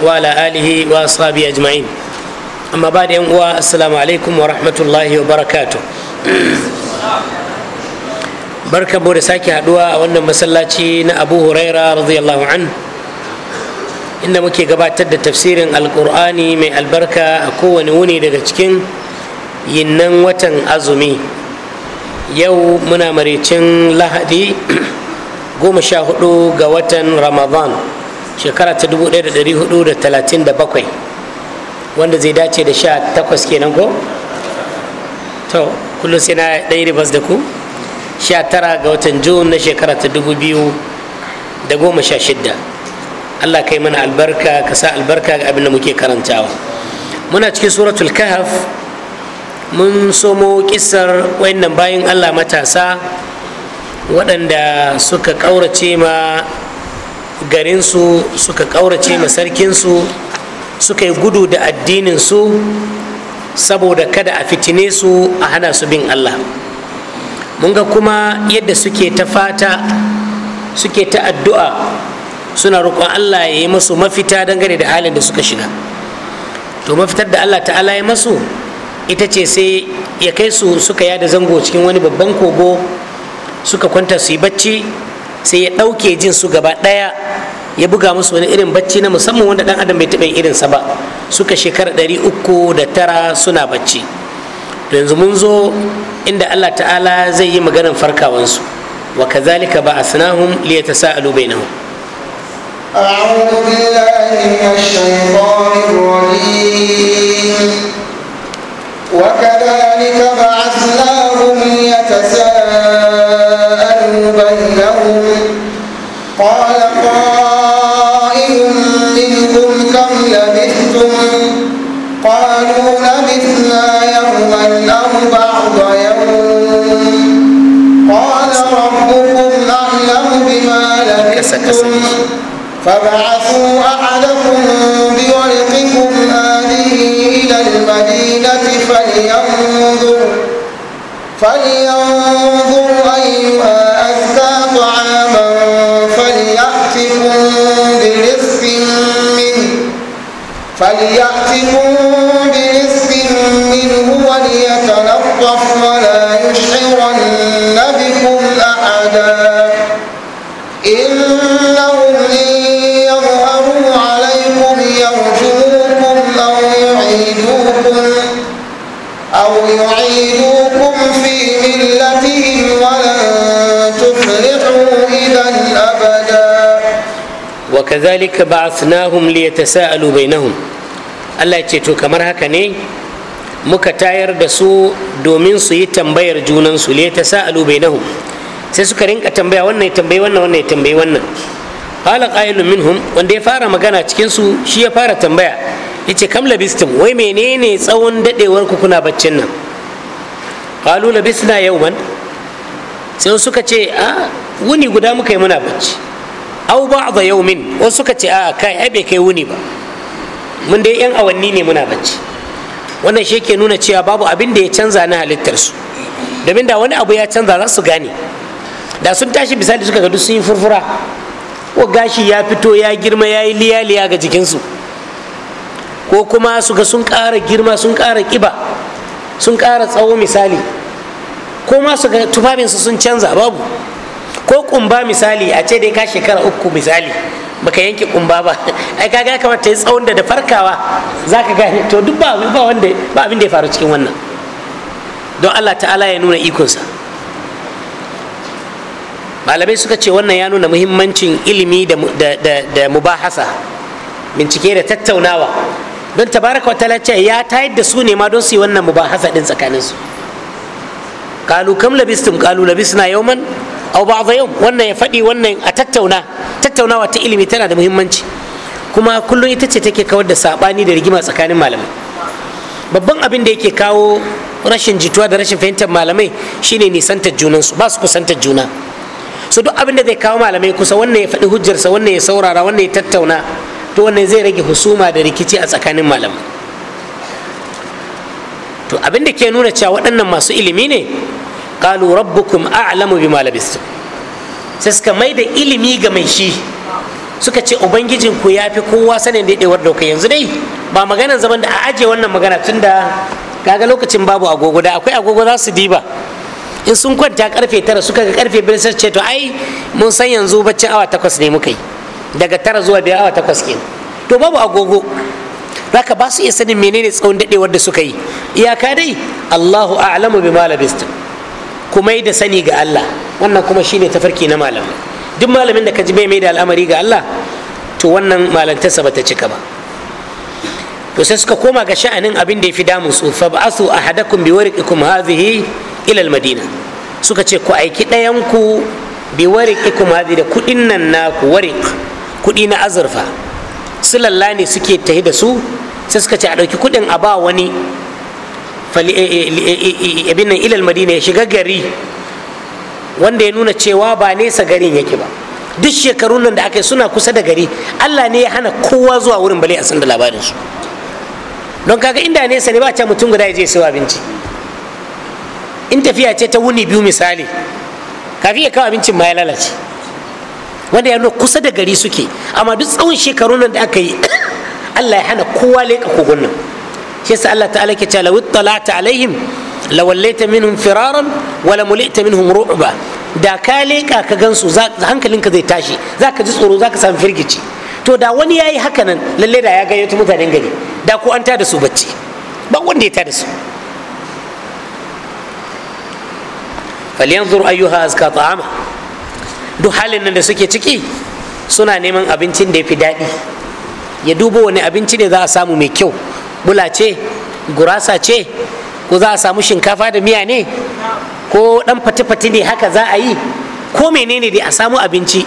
wa ala alihi wa ashabi ajma'in amma ba da yan uwa assalamu alaikum wa rahmatullahi wa barakatu barka mu da sake haduwa a wannan masallaci na abu huraira radiyallahu an inda muke gabatar da tafsirin alkur'ani mai albarka a kowane wuni daga cikin yinnan watan azumi yau muna maricin lahadi goma sha hudu ga watan ramadan shekara ta 1437 wanda zai dace da sha takwas kenan ko to kullum sai na ɗaya ribas da ku sha tara ga watan jun na shekara ta dubu biyu da goma sha shidda allah kai mana albarka ka sa albarka ga abin da muke karantawa muna cikin suratul kahaf mun somo kisar wayannan bayan allah matasa waɗanda suka ƙaurace ma garinsu suka ƙaurace ma sarkinsu suka yi gudu da addininsu saboda kada a fitine su a hana su bin allah mun ga kuma yadda suke ta fata suke ta addu'a suna roƙon allah ya yi masu mafita dangane da halin da suka shiga to mafitar da allah ta'ala ya masu ita ce sai ya kai su suka yada zango cikin wani babban kogo suka kwanta su yi bacci sai ya ɗauke jin su gaba ɗaya ya buga musu wani irin bacci na musamman wanda ɗan adam bai taɓa yin irinsa ba suka shekara ɗari uku da tara suna bacci to yanzu mun zo inda allah ta'ala zai yi maganar farkawansu wa kazalika ba asnahum li yatasaalu bainahum أعوذ بالله من الشيطان الرجيم أسف فابعثوا أحدكم بورقكم هذه إلى المدينة فلينظر فلينظر أيها أزكى طعاما فليأتكم برزق منه فليأتكم برزق منه وليتلطف ولا يشعرن kazalika ba'athnahum liyatasaalu bainahum Allah ce to kamar haka ne muka tayar da su domin su yi tambayar junansu, su liyatasaalu bainahum sai suka rinka tambaya wannan ya tambayi wannan wannan ya tambayi wannan qala qailun minhum wanda ya fara magana cikin su shi ya fara tambaya yace kam labistum wai menene tsawon dadewar ku kuna baccin nan qalu labisna yawman sai suka ce a wuni guda muka yi muna bacci au ba'dha min wasu ka ce a kai ai bai kai wuni ba mun dai yan awanni ne muna bacci wannan shi ke nuna cewa babu abin da ya canza na halittar su domin da wani abu ya canza za su gane da sun tashi misali suka gadu duk sun yi furfura ko gashi ya fito ya girma ya yi liyaliya ga jikinsu ko kuma su ga sun ƙara girma sun ƙara ƙiba sun ƙara tsawo misali ko ma su ga tufafinsu sun canza babu ko kumba misali a ce dai ka shekara uku misali baka yanke kumba ba ai kaga kamar ta yi tsawon da da farkawa zaka gane to duk ba wanda ba abin da ya faru cikin wannan don Allah ta'ala ya nuna ikonsa malamai suka ce wannan ya nuna muhimmancin ilimi da, da, mubahasa bincike da tattaunawa don tabaraka wa ta'ala ce ya tayar da su ne ma don su yi wannan mubahasa din tsakaninsu kalu kam labistum kalu labisna yauman aw ba wannan ya faɗi wannan a tattauna tattaunawa ta ilimi tana da muhimmanci kuma kullum ita ce take kawar da sabani da rigima tsakanin malamai babban abin da yake kawo rashin jituwa da rashin fahimtar malamai shine nisantar junansu ba su kusantar juna so duk abin da zai kawo malamai kusa wannan ya faɗi hujjarsa wannan ya saurara wannan ya tattauna to wannan zai rage husuma da rikici a tsakanin malamai to abin da ke nuna cewa waɗannan masu ilimi ne qalu rabbukum a'lamu bima labistum sai suka mai da ilimi ga mai shi suka ce ubangijin ku ya fi kowa sanin da daidaiwar dauka yanzu dai ba maganan zaman da a aje wannan magana tun da kaga lokacin babu agogo da akwai agogo za su diba in sun kwanta karfe tara suka ga karfe biyar sai ce to ai mun san yanzu bacci awa takwas ne muka yi daga tara zuwa biyar awa takwas kenan to babu agogo zaka ba su iya sanin menene tsawon dadewar da suka yi iyaka dai Allahu a'lamu bima labistum ku mai da sani ga Allah wannan kuma shine tafarki na malamai duk malamin da ka ji bai mai da al'amari ga Allah to wannan malantarsa ta cika ba to sai suka koma ga sha'anin abin da ya fi damun su fa ba'athu ahadakum bi wariqikum hadhihi ila al-madina suka ce ku aiki ɗayan ku bi wariqikum hadhihi da kudin nan naku wariq kudi na azurfa su ne suke tahi da su sai suka ce a ɗauki kudin a ba wani Eh, eh, eh, abin nan ilal madina ya shiga gari wanda ya nuna cewa ba nesa garin yake ba duk shekarun nan da aka yi suna kusa da gari allah ne ya hana kowa zuwa wurin bale a sanda labarin labarinsu don kaga inda nesa ne ba ta mutum guda ya je sayo abinci in tafiya ce ta wuni biyu misali kafin ya kawo abincin ma ya lalace wanda ya nuna kusa da gari suke amma duk tsawon shekarun nan da aka yi allah ya hana kowa leƙa kogon nan shi yasa Allah ta'ala ke cewa lawit talata alaihim lawallaita minhum firaran wala mulita minhum ru'ba da ka leka ka gansu hankalinka zai tashi zaka ji tsoro zaka samu firgici to da wani yayi haka nan lalle da ya gayyato mutanen gari da ko an da su bacci ba wanda ya da su falyanzur ayyuha azka ta'ama duk halin nan da suke ciki suna neman abincin da ya fi daɗi ya duba wani abinci ne za a samu mai kyau bula ce gurasa ce ko za a samu shinkafa da miya ne ko dan fati-fati ne haka za a yi ko menene dai a samu abinci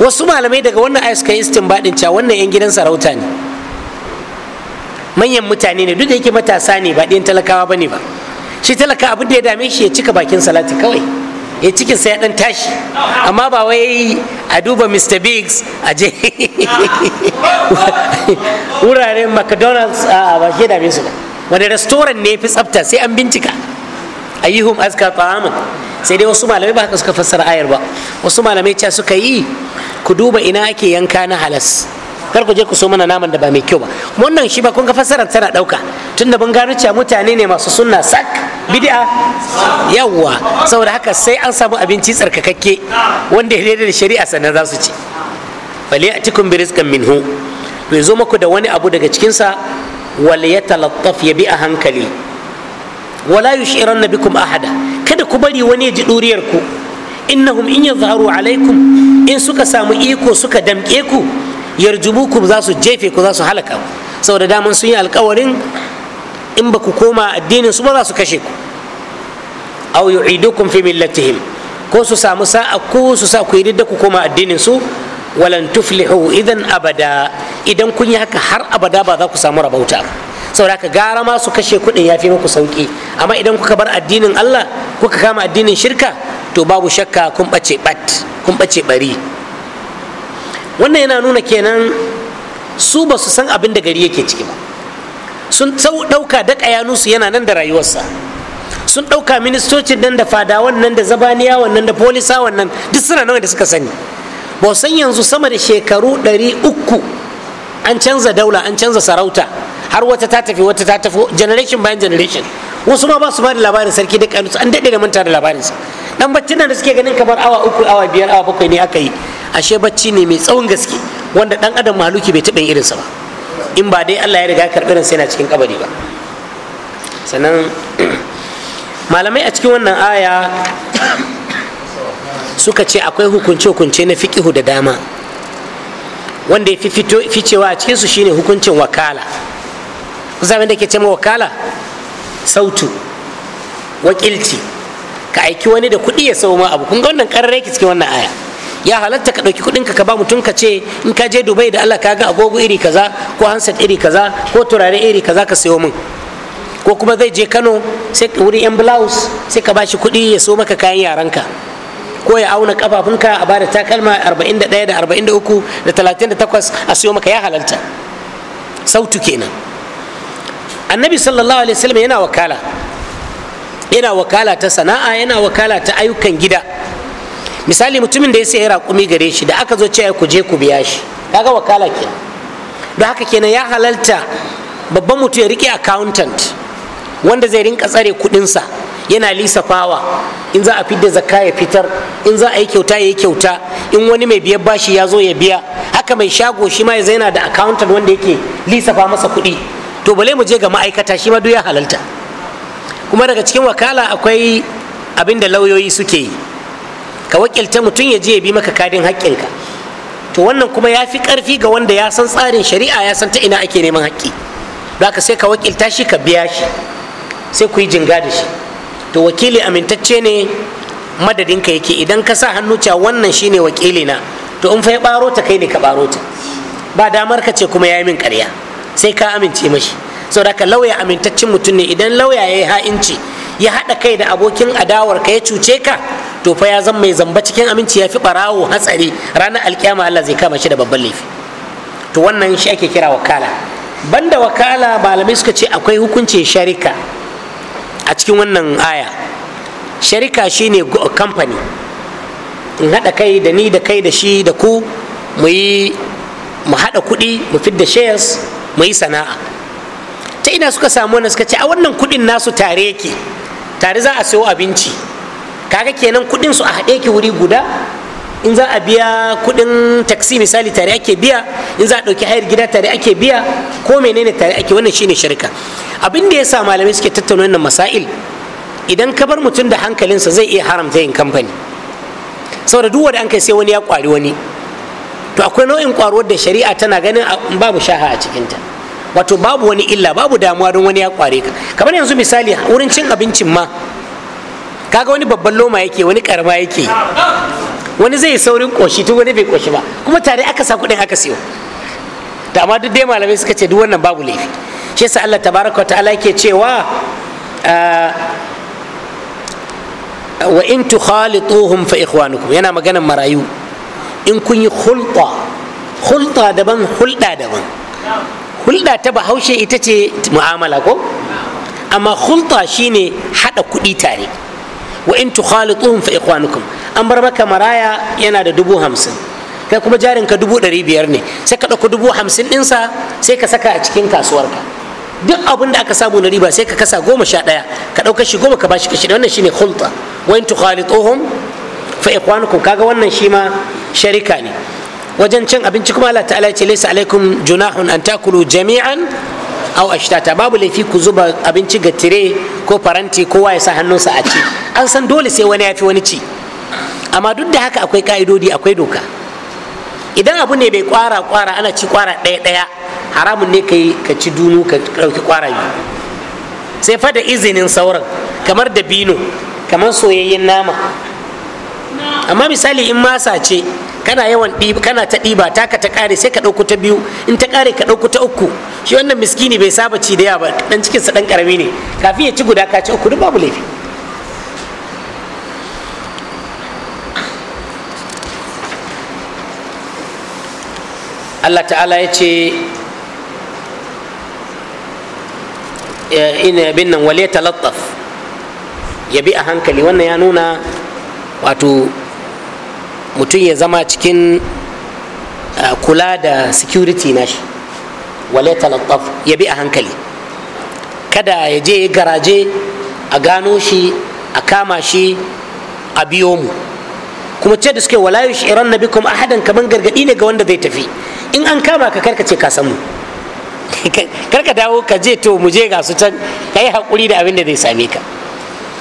wasu malamai daga wannan ayat suka yi istinbadin cewa wannan yan gidan sarauta ne manyan mutane ne duk da yake matasa ne ba ɗayan talakawa ba ne ba shi talaka abin da ya dame shi ya cika bakin salati kawai ya eh, cikin sai ya dan tashi amma ba wai a duba mr biggs a je wuraren mcdonald's a ba wani restoran ne fi tsafta sai an bincika yi ayyuhum aska ta'amun sai dai wasu malamai ba haka suka fassara ayar ba wasu malamai ca suka yi ku duba ina ake yanka na halas kar ku je ku so mana naman da ba mai kyau ba wannan shi ba kun ga fassarar tana dauka tunda mun gano cewa mutane ne masu sunna sak bid'a yawa saboda haka sai an samu abinci tsarkakakke wanda ya da shari'a sannan za su ci falyatikum bi rizqan minhu to zo muku da wani abu daga cikin sa wal yatalattaf ya bi a hankali wala yushiran bikum ahada kada ku bari wani ya ji duriyar ku innahum in yadhharu alaikum in suka samu iko suka damke ku yarjumukum za su jefe ku za su halaka ku saboda daman sun yi alkawarin in ba ku koma addinin su ba za su kashe ku aw yu'idukum fi millatihim ko su samu sa'a ku su sa ku yi ku koma addinin su walan tuflihu idan abada idan kun yi haka har abada ba za ku samu rabauta saboda ka gara ma su kashe kuɗin ya fi muku sauki amma idan kuka bar addinin Allah kuka kama addinin shirka to babu shakka kun ɓace ɓat kun ɓace ɓari wannan yana nuna kenan su ba su san abin da gari yake ciki ba sun ɗauka da ƙayanusu yana nan da rayuwarsa sun ɗauka ministocin nan da fadawan nan da zabaniya wannan da polisa wannan duk suna nan da suka sani ba san yanzu sama da shekaru ɗari uku an canza daula an canza sarauta har wata ta tafi wata ta tafi generation bayan generation wasu ma ba su ba labarin sarki da ƙayanusu an daɗe da manta da labarinsa dan baccin da suke ganin kamar awa uku awa biyar awa bakwai ne aka yi ashe bacci ne mai tsawon gaske wanda dan adam maluki bai taɓa irinsa ba in ba dai Allah ya riga karɓi sai na cikin kabari ba sannan malamai a cikin wannan aya suka ce akwai hukunce-hukunce na fiƙihu da dama wanda ya fi ficewa a cikinsu shine hukuncin wakala kusa da ke ce ma wakala sautu wakilci ka aiki wani da kuɗi ya sau ma abu kun ga wannan yake cikin wannan aya ya halatta ka ɗauki kuɗinka ka ba mutum ka ce in ka je dubai da allah ka ga agogo iri kaza ko handset iri kaza ko turare iri kaza ka sayo min ko kuma zai je kano sai wuri yan blouse sai ka bashi kuɗi ya so maka kayan yaranka ko ya auna kafafunka a bada takalma 41 da 43 da 38 a siyo maka ya halalta sautu kenan annabi sallallahu alaihi wasallam yana wakala yana wakala ta sana'a yana wakala ta ayyukan gida misali mutumin da ya sayi raƙumi gare shi da aka zo cewa ku je ku biya shi kaga wakala ke don haka kenan ya halalta babban mutum ya rike accountant wanda zai rinka tsare kuɗinsa yana lisafawa in za a fidda zakka ya fitar in za a yi kyauta ya yi kyauta in wani mai biyar bashi ya zo ya biya haka mai shago shi ma ya zaina da accountant wanda yake lisafa masa kuɗi to bale mu je ga ma'aikata shi ma duk ya halalta kuma daga cikin wakala akwai abinda lauyoyi suke yi ka wakilta mutum ya je ya bi maka kadin haƙƙinka to wannan kuma ya fi ƙarfi ga wanda ya san tsarin shari'a ya san ta ina ake neman haƙƙi don haka sai ka wakilta shi ka biya shi sai ku yi jinga da shi to wakili amintacce ne madadinka yake idan ka sa hannu cewa wannan shine wakili na to in fa ya baro ta kai ne ka baro ta ba damar ka ce kuma ya yi min ƙarya sai ka amince mashi saboda ka lauya amintaccen mutum ne idan lauya ya yi ha'inci ya haɗa kai da abokin adawar ka ya cuce ka to fa ya zama mai zamba cikin aminci ya fi barawo hatsari ranar alkiyama Allah zai kama shi da babban laifi to wannan shi ake kira wakala banda wakala malamai suka ce akwai hukuncin sharika a cikin wannan aya sharika shine kamfani in haɗa kai da ni da kai da shi da ku mu yi mu haɗa kuɗi mu da shares mu yi sana'a ta ina suka samu wannan suka ce a wannan kuɗin nasu tare yake tare za a sayo abinci kaga kenan kuɗin su a haɗe ki wuri guda in za a biya kuɗin taxi misali tare ake biya in za a ɗauki hayar gida tare ake biya ko menene tare ake wannan shine shirka abin da yasa malamai suke tattauna wannan masail idan ka bar mutum da hankalinsa zai iya haramta yin kamfani saboda duk wanda an kai sai wani ya kwari wani to akwai nau'in kwaro da shari'a tana ganin babu shaha a cikinta wato babu wani illa babu damuwa don wani ya kware ka kamar yanzu misali wurin cin abincin ma kaga wani babban loma yake wani karama yake wani zai saurin koshi tun wani bai koshi ba kuma tare aka sa kuɗin aka siyo da amma duk dai malamai suka ce duk wannan babu laifi shi yasa Allah tabaraka wa ta'ala yake cewa ah, wa in tukhalituhum fa ikhwanukum yana maganar marayu in kun yi hulɗa hulɗa daban hulɗa daban hulɗa ta bahaushe ita ce mu'amala ko amma hulɗa shine haɗa kuɗi tare wa in tukhalituhum fa ikhwanukum an bar maka maraya yana da dubu hamsin kai kuma jarinka dubu ɗari biyar ne sai ka ɗauko dubu hamsin ɗinsa sai ka saka a cikin kasuwarka duk abin da aka samu na riba sai ka kasa goma sha ɗaya ka ɗauka shi goma ka bashi kashi wannan shine khulta wa in tukhalituhum fa ikhwanukum kaga wannan shi ma sharika ne wajen cin abinci kuma Allah ta'ala ya ce laysa alaikum junahun an takulu jami'an au shitata babu laifi ku zuba abinci ga tire ko faranti kowa ya sa hannunsa a ci an san dole sai wani ya fi wani ci amma duk da haka akwai ka'idodi akwai doka idan abu ne bai kwara kwara ana ci kwara ɗaya ɗaya haramun ne yi ka ci dunu ka ɗauki kwara yi. sai fa da izinin sauran kamar da bino kamar soyayyen nama amma misali in masa ce kana yawan ɗiba kana ta ɗiba taka ta ƙare sai ka ɗauko ta biyu in ta ƙare ka ɗauko ta uku shi wannan miskini bai saba ci da yawa ba dan sa ɗan karami ne kafin ya ci guda ka ci uku duk babu laifi Allah ta'ala ya ce ina bin nan wale lattaf ya bi a hankali wannan ya nuna wato mutum ya zama cikin ah, kula da security shi wale talattaf ya bi a hankali kada ya je ya garaje a gano shi a kama shi a biyo mu kuma ce da suke wala na nabikum ahadan kaman gargadi ne ga wanda zai tafi in an kama ka karkace ka san karka dawo ka je to mu je ga su can ka yi haƙuri da abin da zai same ka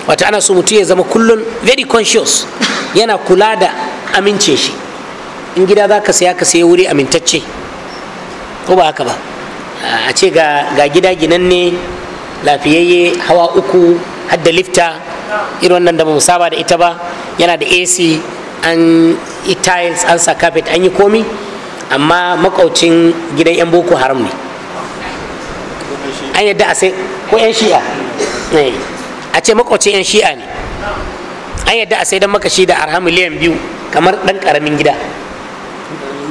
wata ana so mutum ya zama kullum very conscious yana kula da amince shi in gida za ka saya ka saya wuri amintacce ko ba haka ba a ce ga gida ginanne lafiyayye hawa uku hadda lifta irin wannan da ba saba da ita ba yana da ac an yi tiles an sa carpet an yi komi amma makaucin gidan yan boko haram ne an yadda a sai ko yan shi'a eh. a ce makwacin yan shi'a ne an yadda a sai don makashi da arha miliyan biyu kamar dan karamin gida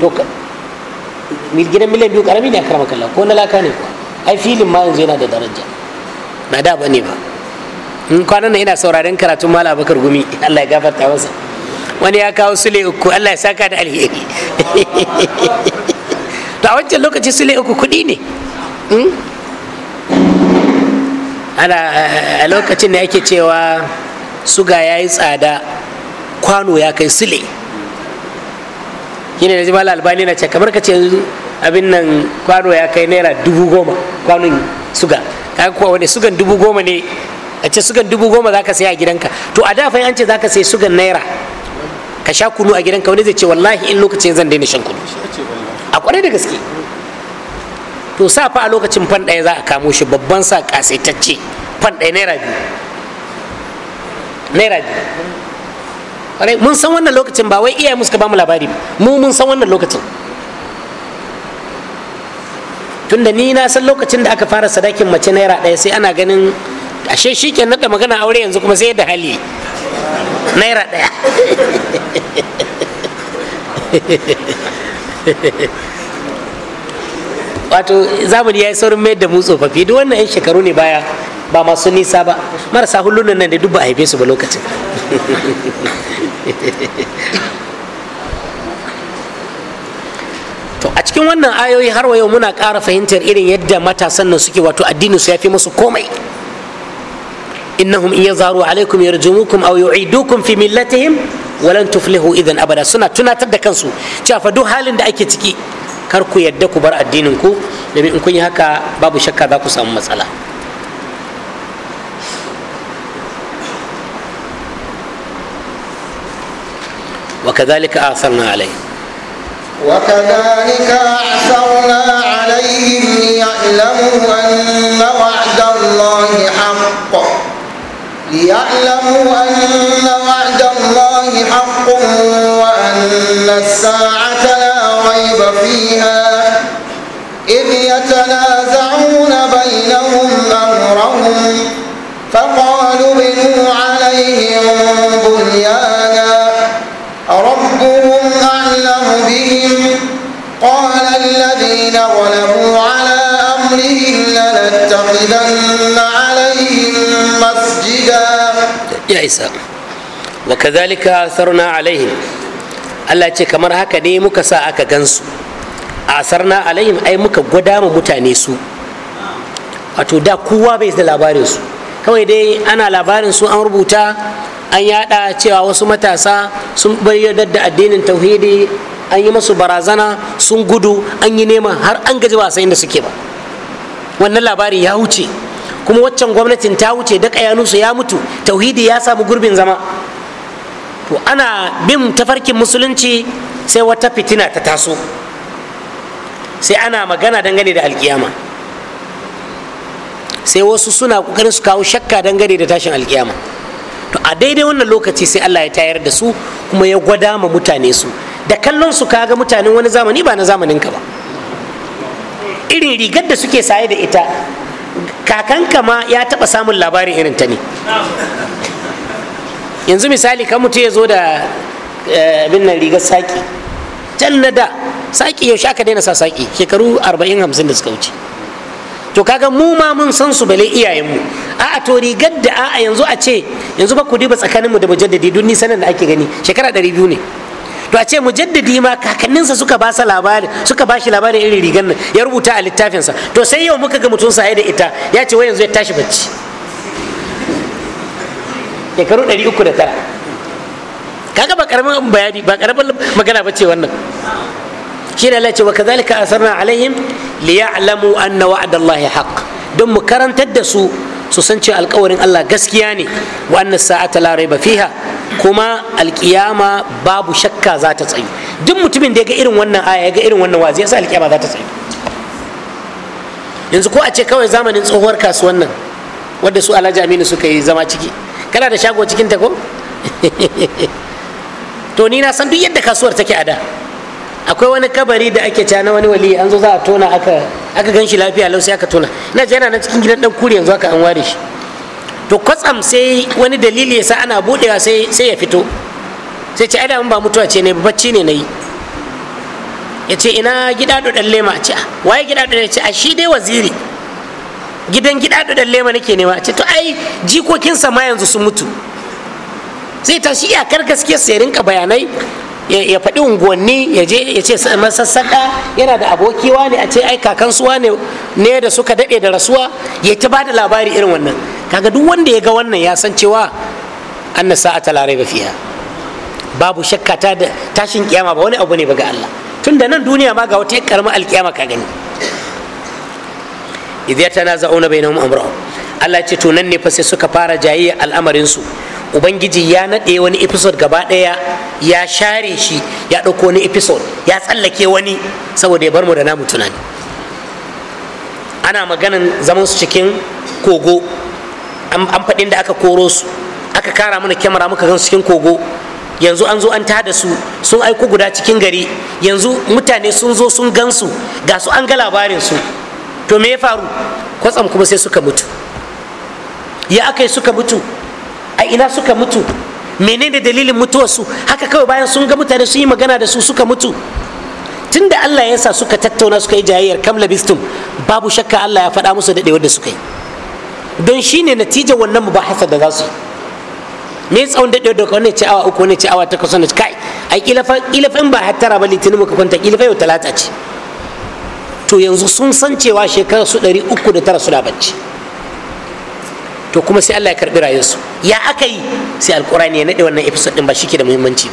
to ka gidan miliyan biyu karami ne a karama kallon ko na laka ne kuwa ai filin ma yanzu yana da daraja na da ba ne ba in kwanan nan ina sauraren karatun mala bakar gumi allah ya gafarta masa wani ya kawo sule uku allah ya saka da alheri to a wancan lokaci sule uku kuɗi ne hmm? ana a lokacin da yake cewa suga ya yi tsada kwano ya kai sile ne da jimala albani na ce kamar ka ce abin nan kwano ya kai naira dubu goma kwanon suga ka kuwa wani sugan dubu goma ne a ce sugan dubu goma za ka sai a gidanka to a da an ce za ka sai sugan naira ka sha kunu a gidanka wani zai ce wallahi in lokacin zan daina shan kunu a kwarai da gaske to sa fa a lokacin fan ɗaya za a kamo shi babban sa ƙasaitacce fan ɗaya naira biyu naira biyu mun san wannan lokacin ba wai iyaye musu ba mu labari mu mun san wannan lokacin tunda ni na san lokacin da aka fara sadakin mace naira ɗaya sai ana ganin ashe shi ke naɗa magana aure yanzu kuma sai da hali naira ɗaya wato zamani ya yi saurin mayar da mu tsofaffi duk wannan yan shekaru ne baya ba masu nisa ba marasa hulunan nan da duk ba a haife su ba lokacin to a cikin wannan ayoyi har wa yau muna ƙara fahimtar irin yadda matasan nan suke wato addinin su ya fi musu komai innahum in yazaru alaikum yarjumukum aw yu'idukum fi millatihim walan tuflihu idan abada suna tunatar da kansu cewa fa duk halin da ake ciki kar ku yadda ku bar addinin ku domin in kun yi haka babu shakka za ku samu matsala وكذلك آثرنا عليه وكذلك أعثرنا عليهم ليعلموا أن وعد الله حق ليعلموا أن وعد الله حق وأن الساعة لا ريب فيها إذ يتنازعون بينهم أمرهم فقالوا بنوا عليهم بنيانا ربهم أعلم بهم قال الذين غلبوا على أمرهم لنتخذن عليهم مسجدا يا عيسى وكذلك أثرنا عليهم Allah ce kamar haka ne muka sa aka gansu a asarna alayhim ai muka gwada mu mutane su wato da kowa bai da labarin su kawai dai ana labarin su an rubuta an yada cewa wasu matasa sun bayyana da addinin tauhidi an yi masu barazana sun gudu an yi nema har an gaji ba da suke ba wannan labari ya wuce kuma waccan gwamnatin ta wuce da kayanusu ya mutu tauhidi ya samu gurbin zama to ana bin tafarkin musulunci sai wata fitina ta taso sai ana magana dangane da alkiyama sai wasu suna kokarin su kawo shakka dangane da tashin alkiyama to a daidai wannan lokaci sai Allah ya tayar da su kuma ya gwada ma mutane su da kallon su kaga mutanen wani zamani ba na zamanin ka ba irin rigar da suke saye da ita kakanka ma ya taba samun labarin irin ta ne yanzu misali kan mutum ya zo da eh, abin nan rigar saki can na da saki yaushe aka daina sa saki shekaru 40 50 da suka wuce to kaga mu ma mun san su bale iyayenmu a a to rigar da a yanzu a ce yanzu ba ku diba tsakaninmu da mujaddadi duk nisan da ake gani shekara 200 ne to a ce mujaddadi ma kakanninsa suka ba labarin suka ba shi labarin irin rigar nan ya rubuta a littafinsa to sai yau muka ga mutum saye da ita ya ce wai yanzu ya tashi bacci shekaru 309 kaga ba karamin bayani ba karamin magana ba ce wannan shi ne ce wa kazalika asarna alaihim liya'lamu anna wa'adallahi haqq don mu karantar da su su san cewa alkawarin Allah gaskiya ne wa anna sa'ata la raiba fiha kuma alkiyama babu shakka za ta tsayi duk mutumin da ya ga irin wannan aya ya ga irin wannan wazi ya alkiyama za ta tsayi yanzu ko a ce kawai zamanin tsohuwar kasuwan nan wadda su alhaji aminu suka yi zama ciki kana da shago cikin ta ko to ni na san duk yadda kasuwar take a da akwai wani kabari da ake cana wani wali an zo za a tona aka aka gan shi lafiya lau aka tona ina ji yana nan cikin gidan dan kuri yanzu aka an ware shi to kwatsam sai wani dalili yasa ana budewa sai sai ya fito sai ce ai ba mutuwa ce ne bacci ne nayi ya ce ina gida dan lema ce ah, waye gida ya ce a ah, shi dai waziri gidan gida da lema nake nema ce to ai jikokinsa ma yanzu sun mutu ta tashi iyakar gaske ya rinka bayanai ya faɗi unguwanni ya je ya ce masassaka, yana da aboki ne a ce ai kakansu ne da suka daɗe da rasuwa ya ta ba da labari irin wannan kaga duk wanda ya ga wannan ya san cewa an na sa'a talarai ba fiya babu shakka ta tashin kiyama ba wani abu ne ba ga Allah tun da nan duniya ma ga wata karamar alkiyama ka gani idh yatanaza'una bainahum amrahum Allah ce to nan ne fa sai suka fara jayayya al'amarin su ubangiji ya naɗe wani episode gaba ɗaya ya share shi ya ɗauko wani episode ya tsallake wani saboda ya bar mu da namu tunani ana maganan zaman su cikin kogo an faɗin da aka koro su aka kara mana kyamara muka gan su cikin kogo yanzu an zo an tada su sun aiko guda cikin gari yanzu mutane sun zo sun gansu, su ga su an ga labarin su to me ya faru kwatsam kuma sai suka mutu ya aka yi suka mutu a ina suka mutu menene dalilin mutuwarsu haka kawai bayan sun ga mutane sun yi magana da su suka mutu tun da allah ya sa suka tattauna suka yi jayayyar kam labistum babu shakka allah ya faɗa musu daɗewar da suka yi don shi ne natijar wannan mu ba da za su me tsawon daɗewar da wani ce awa uku wani ce awa takwas na kai a in ba hattara ba litinin muka kwanta ƙilafin yau talata ce to yanzu sun san cewa shekarar su ɗari uku da tara suna bacci to kuma sai Allah ya karɓi rayuwarsu ya aka yi sai alƙur'ani ya naɗe wannan episode ɗin ba shi ke da muhimmanci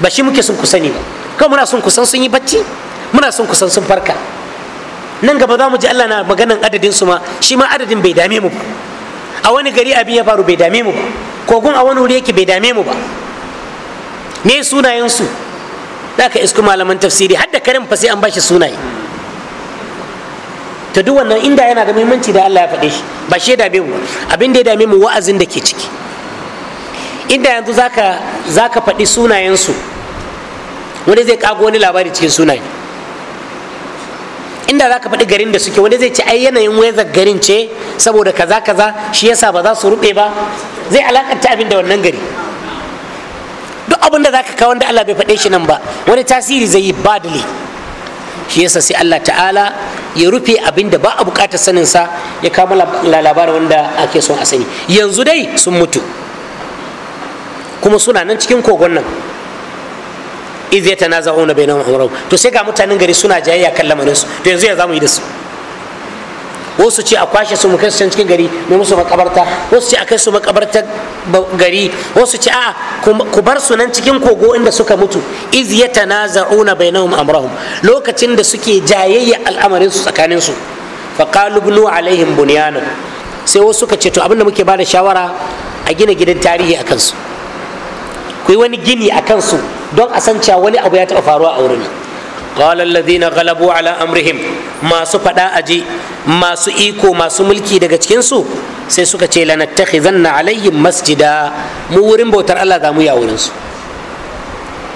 ba shi muke sun kusani ba kawai muna sun kusan sun yi bacci muna sun kusan sun farka nan gaba za mu ji Allah na maganan adadin su ma shi ma adadin bai dame mu ba a wani gari abin ya faru bai dame mu ba kogun a wani wuri yake bai dame mu ba me sunayensu? Za da ka isku malaman tafsiri har da karin fa sai an bashi sunaye ta duk wannan inda yana da muhimmanci da Allah ya faɗe shi ba shi ya dame mu abin da ya dame mu wa'azin da ke ciki inda yanzu zaka zaka faɗi sunayensu wani zai kago wani labari cikin sunaye inda zaka faɗi garin da suke wani zai ce ai yanayin wezar garin ce saboda kaza kaza shi yasa ba za su ruɓe ba zai alakanta abin da wannan gari duk abin da zaka kawo wanda Allah bai faɗe shi nan ba wani tasiri zai yi badly shi yasa sai Allah ta'ala ya rufe abin da ba a bukatar sanin sa ya kama labarin wanda ake son a sani yanzu dai sun mutu kuma suna nan cikin kogon nan iz yatanaza'una bainahum amrahum to sai ga mutanen gari suna jayayya kan lamarin su to yanzu ya zamu yi da su wasu ce a kwashe su mu kai su cikin gari mai musu makabarta wasu ce a kai su makabarta gari wasu ce a'a ku bar su nan cikin kogo inda suka mutu iz yatanaza'una bainahum amrahum lokacin da suke jayayya al'amarin su tsakanin su fa qalu bunu alaihim bunyana sai wasu suka ce to abinda muke bada shawara a gina gidan tarihi akan su ku yi wani gini a kansu. don a san cewa wani abu ya taɓa faruwa a wurin qala alladhina ghalabu ala amrihim masu fada aji masu iko masu mulki daga cikin su sai suka ce lanattakhizanna alaihim masjida mu wurin bautar Allah za mu yi a wurin su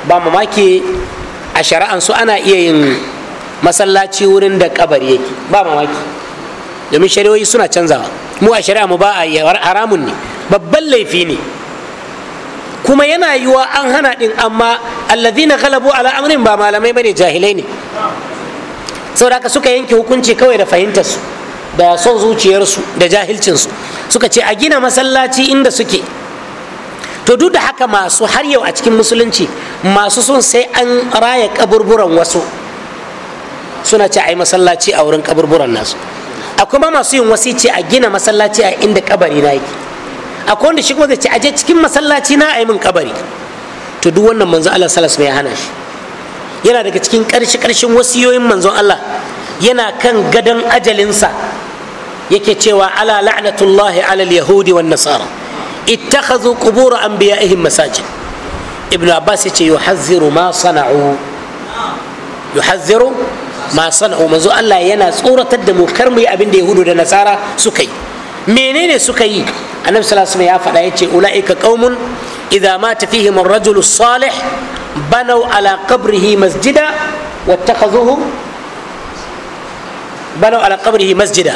ba mamaki a shari'an su ana iya yin masallaci wurin da kabari yake ba mamaki domin shari'oyi suna canzawa mu a shari'a mu ba a haramun ne babban laifi ne kuma yana yiwa an hana din amma alladhina ghalabu ala amrin ba malamai bane jahilai ne saboda haka suka yanke hukunci kawai da fahimtar da son zuciyarsu da jahilcinsu suka ce a gina masallaci inda suke to duk da haka masu har yau a cikin musulunci masu son sai an raya kaburburan wasu suna ce a yi masallaci a wurin kaburburan nasu akwai ma masu yin wasici a gina masallaci a inda kabari na yake akwai wanda shi kuma zai ce aje cikin masallaci na a yi min kabari to duk wannan manzon Allah sallallahu alaihi ya hana shi yana daga cikin ƙarshe ƙarshen wasiyoyin manzon Allah yana kan gadon ajalinsa yake cewa ala la'natullahi ala yahudi wan nasara ittakhadhu qubur anbiya'ihim masajid ibnu abbas yace yuhazziru ma sana'u yuhazziru ma sana'u Allah yana tsoratar da mu kar mu yi abin da yahudu da nasara suka yi menene suka yi annabi sallallahu ya faɗa yace ulaika qaumun idza mata fihim ar-rajulu salih banaw ala qabrihi masjida wattakhadhuhu banaw ala qabrihi masjida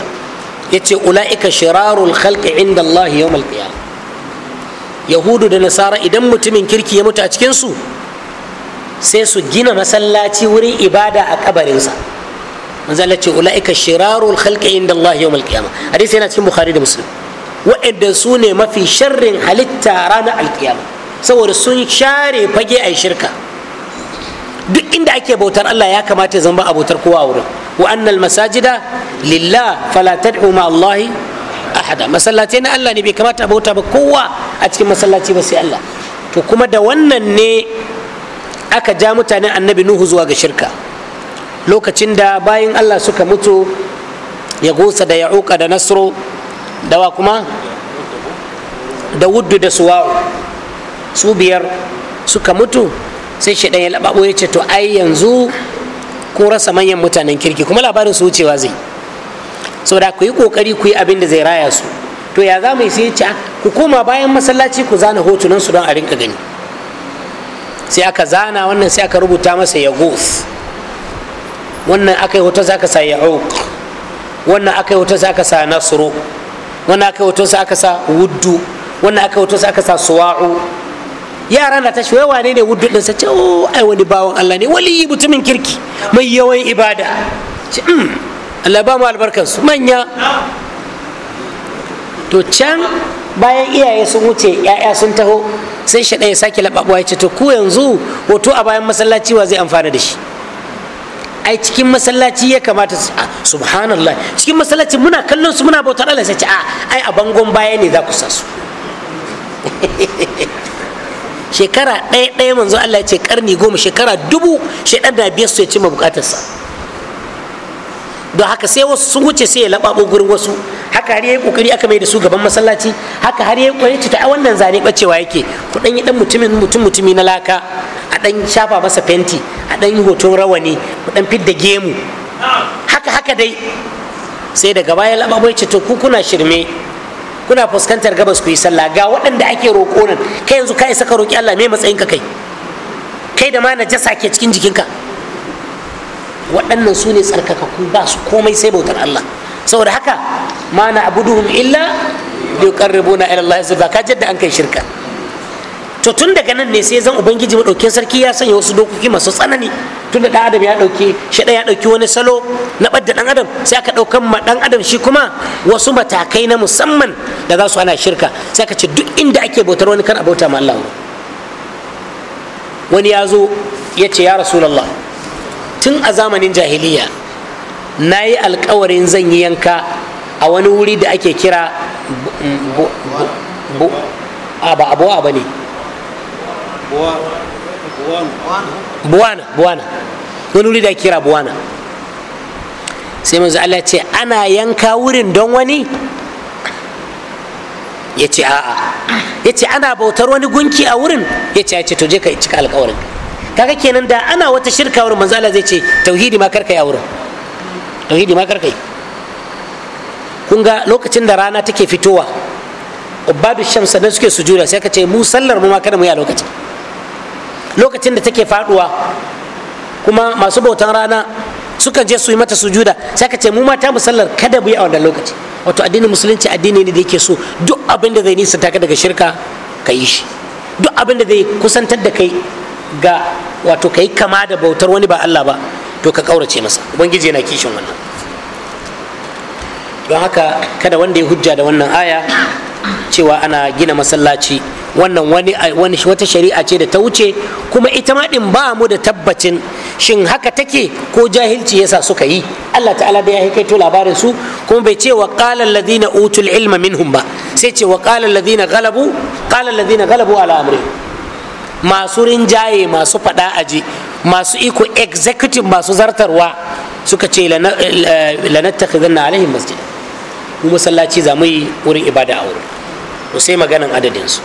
yace ulaika shirarul khalqi inda Allah yawm al-qiyamah yahudu da nasara idan mutumin kirki ya mutu a cikin su sai su gina masallaci wurin ibada a kabarinsa manzo Allah ce ulaika shirarul khalqi inda Allah yawm al-qiyamah hadisi yana cikin bukhari da muslim waɗanda su ne mafi sharrin halitta ranar alkiyama saboda sun share fage a shirka duk inda ake bautar Allah ya kamata ya zama abotar kowa a wurin wa annal masajida lillah fala tad'u ma Allah ahada masallaci na Allah ne bai kamata bauta ba kowa a cikin masallaci ba sai Allah to kuma da wannan ne aka ja mutanen annabi Nuhu zuwa ga shirka lokacin da bayan Allah suka mutu ya gosa da ya'uka da nasro dawa kuma da wuddu da suwa'u su biyar suka mutu sai shaidan ya laɓaɓo ya ce to ai yanzu ko rasa manyan mutanen kirki kuma labarin su wucewa zai saboda ku yi kokari ku yi abin da zai raya su to ya za mu yi sai ah, ku koma bayan masallaci ku zana hotunan su don a rinka gani sai aka zana wannan sai aka rubuta masa ya wannan aka yi hoton za ka sa ya wannan aka yi hoton za ka sa nasro wannan aka hoton sa aka sa wuddu wannan aka hoton sa aka sa suwa'u yara na tashi wai wane ne wuddu din sa ce o oh, ai wani bawan Allah ne wali mutumin kirki mai yawan ibada ce hmm, Allah ba mu albarkan su manya to can bayan iyaye sun wuce ya'ya sun taho sai shaɗaya ya sake labawa ya ce to ku yanzu hoto a bayan masallaci wa zai amfana da shi ai cikin masallaci ya kamata su a subhanallah cikin masallaci muna kallon su muna bautar Allah sai ce a ai a bangon baya ne za ku sa su shekara ɗaya ɗaya manzo Allah ya ce karni goma shekara dubu shekara da biyar su ya cimma bukatarsa don haka sai wasu sun wuce sai ya laɓaɓo gurin wasu haka har yayi kokari aka mai da su gaban masallaci haka har yayi kokari ta wannan zane bacewa yake ku dan yi dan mutumin mutum mutumi na laka a dan shafa masa fenti a dan yi hoton rawani ku dan fidda gemu haka haka dai sai daga baya laɓaɓo ya ce to ku kuna shirme kuna fuskantar gabas ku yi sallah ga waɗanda ake roƙo nan kai yanzu ka isa ka roƙi Allah me matsayin ka kai kai da ma jasa ke cikin jikinka waɗannan su ne tsarkakakku ba su komai sai bautar Allah saboda haka ma na abuduhum illa liqarribuna ila Allah zulfa ka jadda an kai shirka to tun daga nan ne sai zan ubangiji madaukin sarki ya sanya wasu dokoki masu tsanani tun da ɗan adam ya ɗauki shi ya dauki wani salo na ɓadda ɗan adam sai aka ɗaukan ma ɗan adam shi kuma wasu matakai na musamman da za su ana shirka sai aka ce duk inda ake bautar wani kan a bauta ma Allah wani ya zo ya ce ya rasulallah tun a zamanin jahiliya na yi alkawarin zan yi yanka a wani wuri da ake kira ba abuwa ba ne buwana buwana wani wuri da ake kira buwana sai manzo Allah ce ana yanka wurin don wani ya ce a'a ya ce ana bautar wani gunki a wurin ya ce ce to je ka cika alkawarin kaga kenan da ana wata shirka wurin manzo Allah zai ce tauhidi ma karkai a wurin tauhidi ma karkai kun ga lokacin da rana take fitowa ubadu shamsa da suke sujuda sai ka ce mu sallar mu ma kada mu yi a lokacin lokacin da take faduwa kuma masu bautan rana sukan je su yi mata sujuda sai ka ce mu mata sallar kada mu yi a wannan lokaci wato addinin musulunci addini ne da yake so duk abin da zai nisanta ka daga shirka ka yi shi duk abin da zai kusantar da kai ga wato ka yi kama da bautar wani ba Allah ba to ka kaurace masa ubangiji yana kishin wannan don haka kada wanda ya hujja da wannan aya cewa ana gina masallaci wannan wani wata shari'a ce da ta wuce kuma ita ma din ba mu da tabbacin shin haka take ko jahilci yasa suka yi Allah ta'ala da ya kaito labarin su kuma bai ce wa qala alladhina utul ilma minhum ba sai ce wa qala alladhina ghalabu qala alladhina ghalabu ala amri masu rinjaye masu faɗa aji masu iko executive masu zartarwa suka ce zanna eh, alaihim masjid mu masallaci za mu yi wurin ibada a wurin to sai maganan adadin su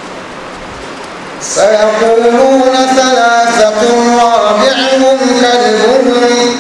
سيقولون ثلاثة رابعهم كلبهم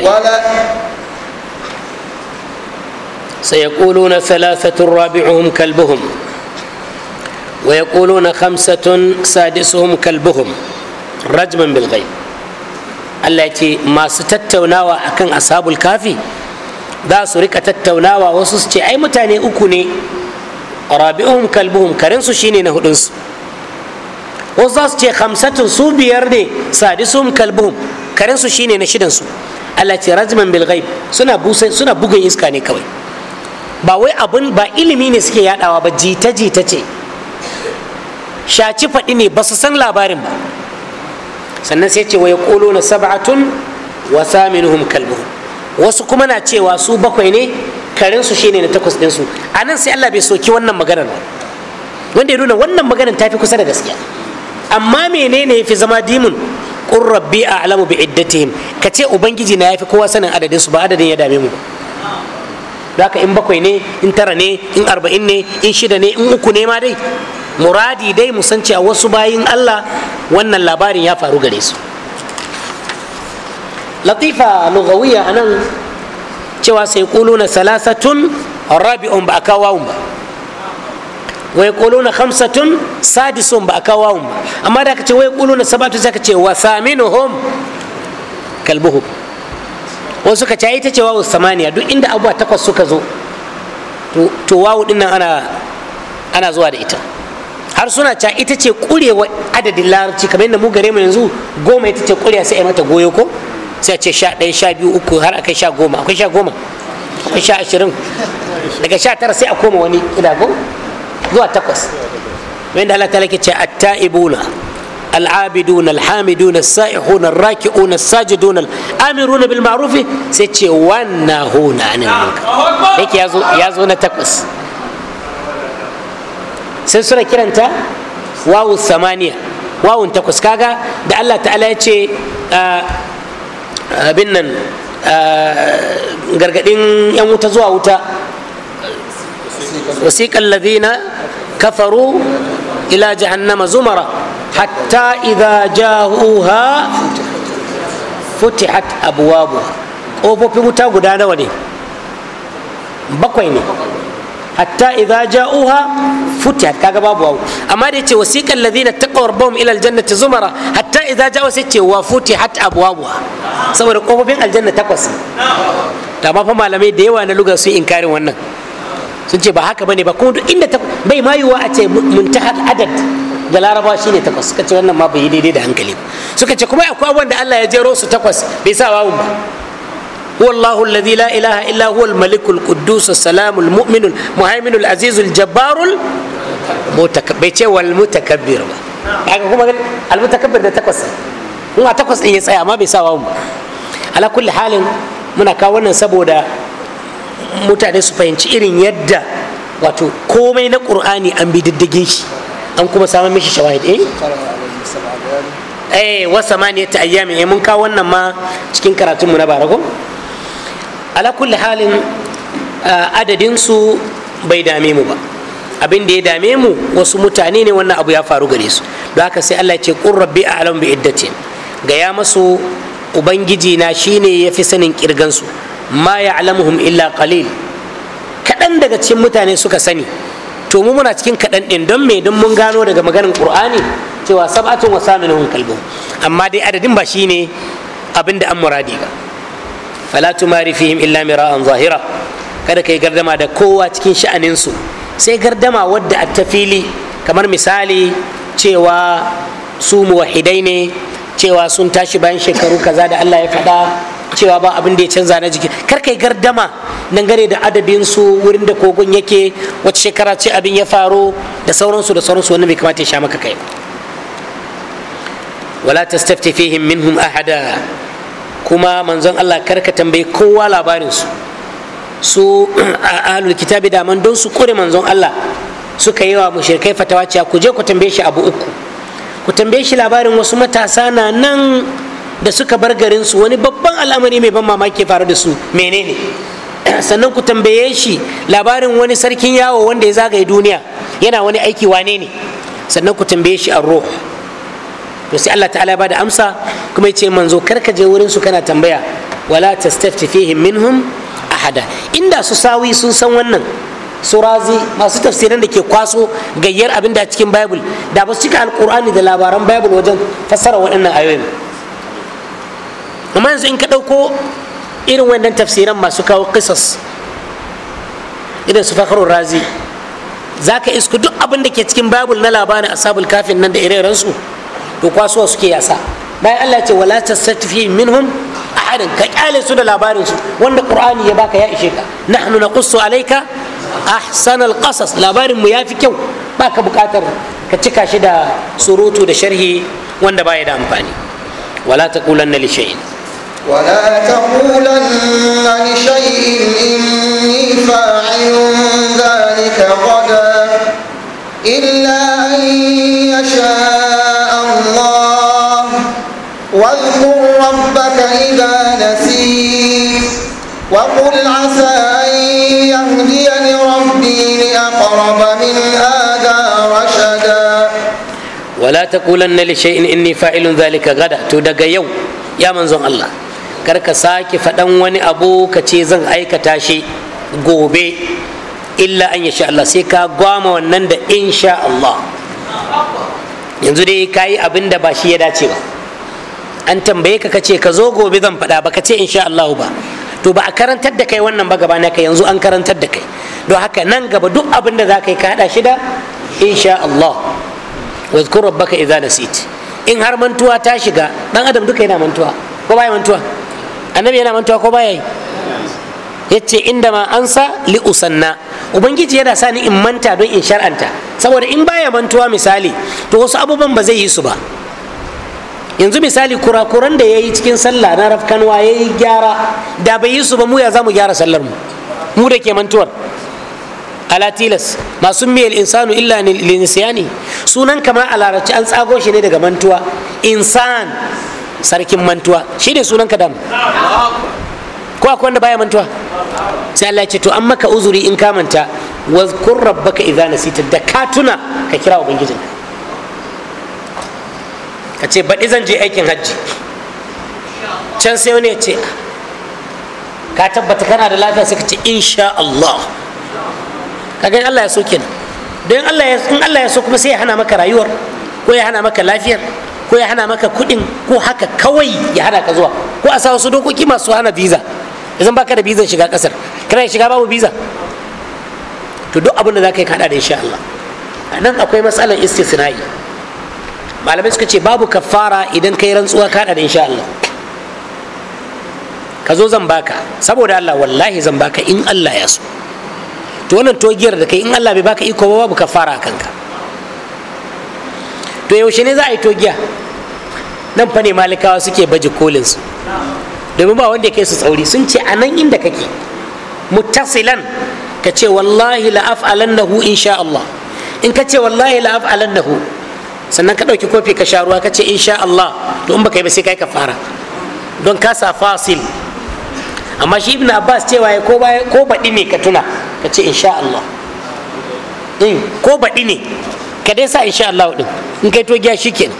الشافعي سيقولون ثلاثة رابعهم كلبهم ويقولون خمسة سادسهم كلبهم رجما بالغيب التي ما ستتونا أكن أصحاب الكافي ذا سرقة تتوناوا وسوسك أي متاني أكوني رابعهم كلبهم كرنسو شيني نهدنس wasu za su ce hamsatun su biyar ne Allah ce rajman bil ghaib suna busan suna bugun iska ne kawai ba wai abun ba ilimi ne suke yadawa ba jita jita ce shaci faɗi ne ba su san labarin ba sannan sai ce wa yaquluna sab'atun wa saminuhum kalbuhum wasu kuma na cewa su bakwai ne karin su shine na takwas din su anan sai Allah bai soki wannan maganar wanda ya nuna wannan maganar tafi kusa da gaskiya amma menene ya fi zama dimun kun rabbi a a'lamu bi iddatihim kace ubangiji na yafi kowa sanin adadin su ba adadin ya dame mu haka in bakwai ne in tara ne in arba'in ne in shida ne in uku ne ma dai muradi dai mu san cewa wasu bayin Allah wannan labarin ya faru gare su latifa lugawiya anan cewa sai kuluna salasatun rabi'un ba a kawo ba wa yaquluna khamsatun sadisun ba aka wawun ba amma da kace wa yaquluna sabatu sai ce wa thaminuhum kalbuhu wasu ka ce ita ce wawu samaniya duk inda abuwa takwas suka zo to wawu din nan ana ana zuwa da ita har suna ca ita ce kurewa adadin larabci kamar yadda mu gare mu yanzu goma ita ce kurewa sai a mata goyo ko sai a ce sha ɗaya sha biyu uku har akai sha goma akwai sha goma akwai sha ashirin daga sha tara sai a koma wani ina ko zuwa takwas wanda Allah ta ce kaga da Allah ta'ala ah, ah, yan wuta zuwa وسيق الذين كفروا إلى جهنم زمرا حتى إذا جاءوها فتحت أبوابها ƙofofin wuta guda nawa ne bakwai ne hatta idza ja'uha futihat kaga babu wawu amma da yace wasiqal ladina taqaw rabbahum ila aljannati zumara hatta idza ja'u sai ce wa futihat abwabuha saboda ƙofofin aljanna takwas ne da ma fa malamai da yawa na lugar sun inkarin wannan sun ce ba haka bane ba kuma inda ta bai ma yiwuwa a ce muntahal adad ga shi ne takwas suka ce wannan ma bai yi daidai da hankali suka ce kuma akwai wanda da Allah ya jero su takwas bai sa wawun ba والله الذي لا إله إلا هو الملك القدوس السلام المؤمن المهيمن العزيز الجبار المتكبر والمتكبر haka kuma almutakabbir da takwas in a takwas din ya tsaya amma bai sa wawun ba ala halin muna kawo wannan saboda mutane su fahimci irin yadda wato komai na ƙur'ani an bi diddigin shi an kuma samun mishi shawahid eh eh wasa ma ne ta ayyami eh mun kawo wannan ma cikin karatunmu na barago ala kulli halin ah, adadinsu bai dame mu ba abin da ya dame mu wasu mutane ne wannan abu ya faru gare su don haka sai Allah ya ce kun rabbi a'lam bi iddatin ga ya masu ubangiji na shine fi sanin kirgan su ma ya'lamuhum illa qalil kaɗan daga cikin mutane suka sani to mu muna cikin kaɗan ɗin don me don mun gano daga maganar ƙur'ani cewa sab'atun wa saminuhum kalbuhum amma dai adadin ba shine abin da an muradi ba fala tumari fihim illa mira'an zahira kada kai gardama da kowa cikin sha'anin su sai gardama wadda a tafili kamar misali cewa su muwahidai ne cewa sun tashi bayan shekaru kaza da Allah ya faɗa cewa ba abin da ya canza na jiki kar kai gardama nan gare da adadin su wurin da kogon yake wata shekara ce abin ya faro da sauransu da sauransu wannan bai kamata ya sha maka kai wala tastafti fihim minhum ahada kuma manzon Allah kar ka tambayi kowa labarin su su ahlul kitabi da man don su kore manzon Allah suka yi wa mushrikai fatawa cewa ku je ku tambaye shi abu uku ku tambaye shi labarin wasu matasa na nan da suka bar garin su wani babban al'amari mai ban mamaki faru da su menene sannan ku tambaye shi labarin wani sarkin yawo wanda ya zagaye duniya yana wani aiki wane ne sannan ku tambaye shi a ruh to sai Allah ta'ala ba da amsa kuma yace manzo karka je wurin su kana tambaya wala tastafti fihim minhum ahada inda su sawi sun san wannan su razi masu tafsirin da ke kwaso gayyar abin da cikin bible da ba su cika alkur'ani da labaran bible wajen fassara waɗannan ayoyin amma yanzu in ka ɗauko irin wannan tafsiran masu kawo kisas irin su fakarun razi za ka isku duk abin da ke cikin bible na labarin asabul kafin nan da ire su to kwasuwa suke yasa bayan allah ce wala tasattifi minhum ahadan ka kyale su da labarin su wanda qur'ani ya baka ya ishe ka nahnu naqussu alayka ahsan al-qasas labarin mu ya fi kyau ba ka buƙatar ka cika shi da surutu da sharhi wanda baya da amfani wala taqulanna li shay'in wala taqulanna li shay'in inni fa'ilun dhalika ghadan illa an yasha Allah wadhkur rabbaka idha nasi wa asa an yahdiya أقرب من هذا رشدا ولا تقولن لشيء إني فاعل ذلك غدا تدق يوم يا منزون kar ka sake faɗan wani abu ka ce zan aikata shi gobe illa an yasha Allah sai ka gwama wannan da insha Allah yanzu dai ka yi abin da ba shi ya dace ba an tambaye ka kace ka zo gobe zan faɗa ba ka ce insha Allah ba to ba a karantar da kai wannan ba gaba na kai yanzu an karantar da kai don haka nan gaba duk abin da za ka yi ka haɗa shi da insha Allah wa zkur rabbaka idza nasit in har mantuwa ta shiga dan adam duka yana mantuwa ko baya mantuwa annabi yana mantuwa ko baya yi yace inda ma ansa li usanna ubangiji yana sa ni in manta don in shar'anta saboda in baya mantuwa misali to wasu abubuwan ba zai yi su ba yanzu misali kurakuran da ya yi cikin sallah na rafkanwa ya yi gyara da bai yi su ba mu ya za mu gyara sallar mu mu da ke mantuwar ala tilas masu miyar insanu illa linisiyani sunan kama a larabci an tsago shi ne daga mantuwa insan sarkin mantuwa shi ne sunan kadam ko akwai wanda baya mantuwa sai Allah ya ce to an maka uzuri in ka manta wazkur rabbaka idza nasita da ka tuna ka kira ubangijinka ka ce baɗi zan je aikin hajji can sai wani ya ce ka tabbata kana da lafiya sai ka ce insha Allah ka gani Allah ya so kenan don in Allah ya so kuma sai ya hana maka rayuwar ko ya hana maka lafiyar ko ya hana maka kuɗin ko haka kawai ya hana ka zuwa ko a sa wasu dokoki masu hana visa idan baka da visa shiga kasar kana shiga babu visa to duk abin da za ka yi kada da insha Allah nan akwai matsalar istisna'i malamai suka ce babu kafara idan kai rantsuwa ka da insha Allah ka zo zan baka saboda Allah wallahi zan baka in Allah ya so to wannan togiyar da kai in Allah bai baka iko ba babu kafara kanka to yaushe ne za a yi togiya nan fa ne malikawa suke baje kolin su domin ba wanda ya kai su tsauri sun ce a nan inda kake mutasilan ka ce wallahi la af'alannahu insha Allah in ka ce wallahi la af'alannahu sannan ka ɗauki kofi ka sha ruwa ka ce insha Allah to in baka yi ba sai kai ka fara don ka sa fasil amma shi ibn Abbas cewa ya ko baɗi ne ka tuna ka ce insha Allah in eh, ko baɗi ne ka dai sa insha Allah din in kai to giya shikenan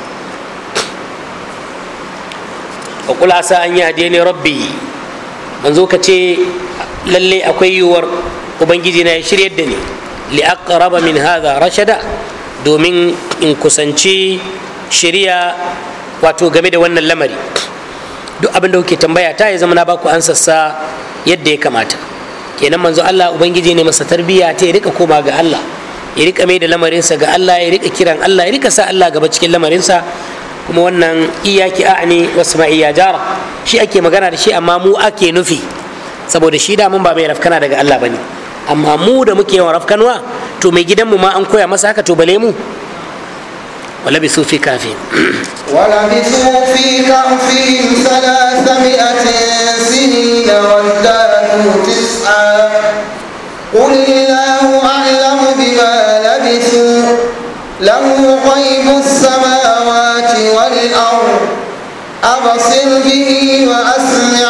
wa kula sa an ne rabbi manzo ka ce lalle akwai yiwuwar ubangiji na ya shiryar da ni li aqraba min hadha rashada domin in kusanci shirya wato game da wannan lamari duk abin da kuke tambaya ta ya zama na baku an sassa yadda ya kamata kenan manzo Allah ubangiji ne masa tarbiyya ta ya rika koma ga Allah ya rika mai da lamarinsa ga Allah ya rika kiran Allah ya rika sa Allah gaba cikin lamarinsa kuma wannan iyaki a'ani wasu ma'iya jara shi ake magana da shi amma mu ake nufi saboda shi da mun ba mai rafkana daga Allah ba ne amma mu da muke yawan rafkanwa to mai gidanmu ma an koya masa haka to bale mu wala bi sufi kafi wala bi sufi kafi sala sami'a sinina wadda tis'a qul lahu a'lamu bima labisu lahu ghaibu samawati wal ardh abasir bihi wa asmi'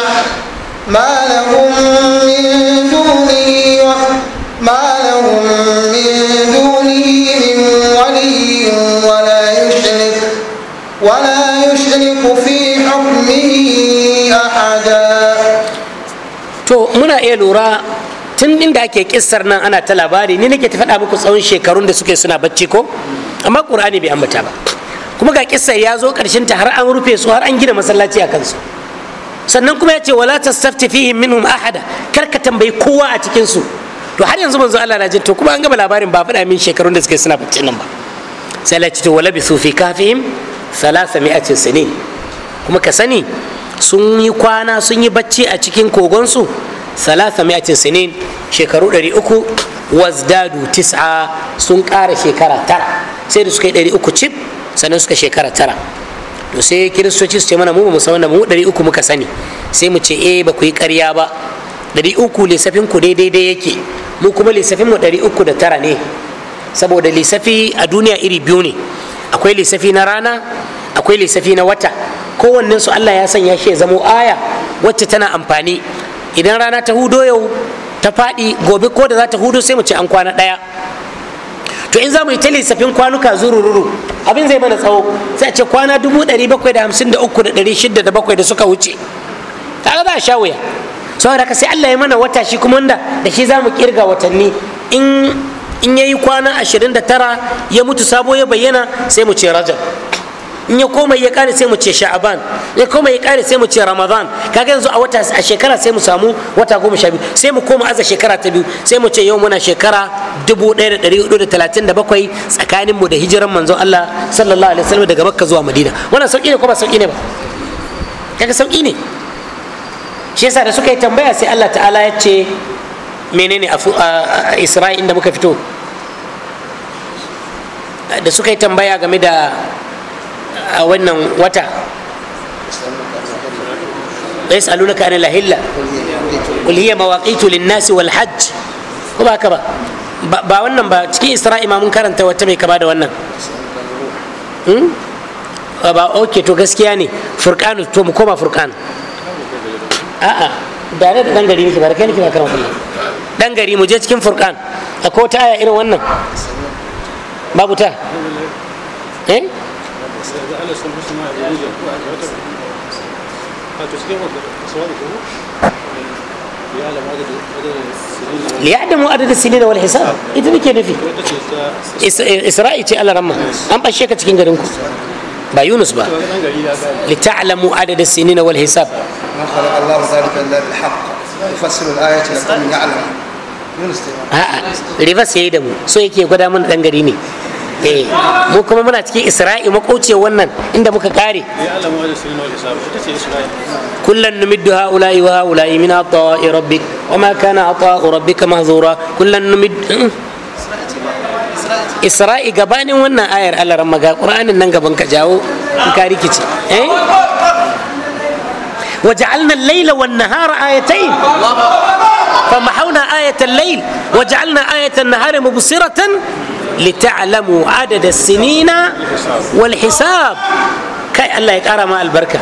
ma lahum min dun لهم من دونه من ولي ولا يشرك ولا يشرك في حكمه أحدا to muna iya lura tun inda ake kissar nan ana ta labari ni nake ta faɗa muku tsawon shekarun da suke suna bacci ko amma ƙur'ani bai ambata ba kuma ga kissar ya zo ƙarshen ta har an rufe su har an gina masallaci a kansu sannan kuma ya ce wala tastafti fihim minhum ahada kar ka tambayi kowa a cikin su to har yanzu manzo Allah na jin to kuma an gaba labarin ba faɗa min shekarun da suke suna fitin nan ba sai Allah ya ce wala bi sufi kafihim salasa mi'atin sinin kuma ka sani sun yi kwana sun yi bacci a cikin kogon su salasa mi'atin sinin shekaru 300 wazdadu tis'a sun ƙara shekara tara sai da suka yi 300 cif sannan suka shekara tara to sai kiristoci su ce mana mu musamman da mu 300 muka sani sai mu ce eh ba ku yi ƙarya ba ɗari uku lissafin ku daidai dai yake mu kuma lissafin mu ɗari uku da tara ne saboda lissafi a duniya iri biyu ne akwai lissafi na rana akwai lissafi na wata kowannen su Allah ya sanya shi ya zamo aya wacce tana amfani idan rana ta hudo yau ta faɗi gobe ko da za ta hudo sai mu ce an kwana ɗaya to in za mu yi ta lissafin kwanuka zurururu abin zai mana tsawo sai a ce kwana dubu ɗari bakwai da hamsin da uku da ɗari shida da bakwai da suka wuce Ta ga za a sha wuya saboda haka sai Allah ya mana wata shi kuma wanda da shi zamu kirga watanni in in yayi kwana 29 ya mutu sabo ya bayyana sai mu ce rajab in ya koma ya kare sai mu ce sha'aban ya koma ya kare sai mu ce ramadan kaga yanzu a wata a shekara sai mu samu wata goma sha biyu sai mu koma aza shekara ta biyu sai mu ce yau muna shekara 1437 tsakanin mu da hijiran manzon Allah sallallahu alaihi wasallam daga Makka zuwa Madina wannan sauki ne ko ba sauki ne ba kaga sauki ne shi yasa da suka yi tambaya sai Allah ta'ala ya ce menene a isra'i inda muka fito da suka yi tambaya game da wannan wata bai sa na kanin lahilla ulhiyar mawaƙitu linnasi wal hajj ko ba ka ba ba wannan ba cikin isra'i ma mun karanta wata mai kama da wannan hmm? ba ok to gaskiya ne furkanu to mu koma furkanu a'a dare ne da dan gari nake ba da kai nake ba karan kullum dan gari mu je cikin furqan akwai wata aya irin wannan babu ta eh liyadamu adada sinina wal hisab ita nake nufi isra'i ce Allah ramma an bashe ka cikin garin ku ba yunus ba ta'lamu adada sinina wal hisab من خلق الله ذلك الا بالحق يفسر الايه لقوم يعلم يونس a'a rivers yayi da mu so yake gwada mana dan gari ne eh mu kuma muna cikin isra'i makauce wannan inda muka kare kullan numiddu haula'i wa haula'i min ata'i rabbik wa ma kana ata'u rabbika mahzura kullan numiddu isra'i gabanin wannan ayar Allah ramma ga qur'anin nan gaban ka jawo in ka rikice eh وجعلنا الليل والنهار آيتين فمحونا آية الليل وجعلنا آية النهار مبصرة لتعلموا عدد السنين والحساب كي الله يقرأ ما البركة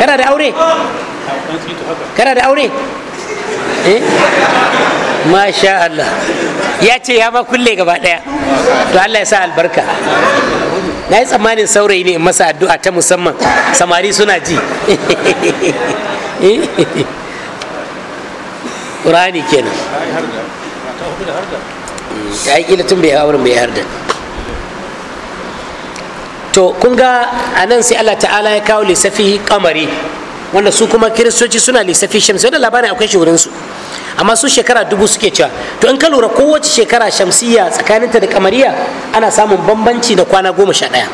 كنا دا أوري كنا دا أوري إيه؟ ما شاء الله يا تي يا ما كله قبل ده الله يسأل البركة na yi tsammanin saurayi ne masa addu'a ta musamman samari suna ji ƙurani kenan ta yi kila tun bai bai harda to kun ga a nan sai allah ta'ala ya kawo lissafi kamari wanda su kuma kiristoci suna lissafi shamsi wadda labarin akwai shi wurinsu amma su shekara dubu suke cewa to in ka lura kowace shekara shamsiya tsakaninta da kamariya ana samun bambanci da kwana goma sha ɗaya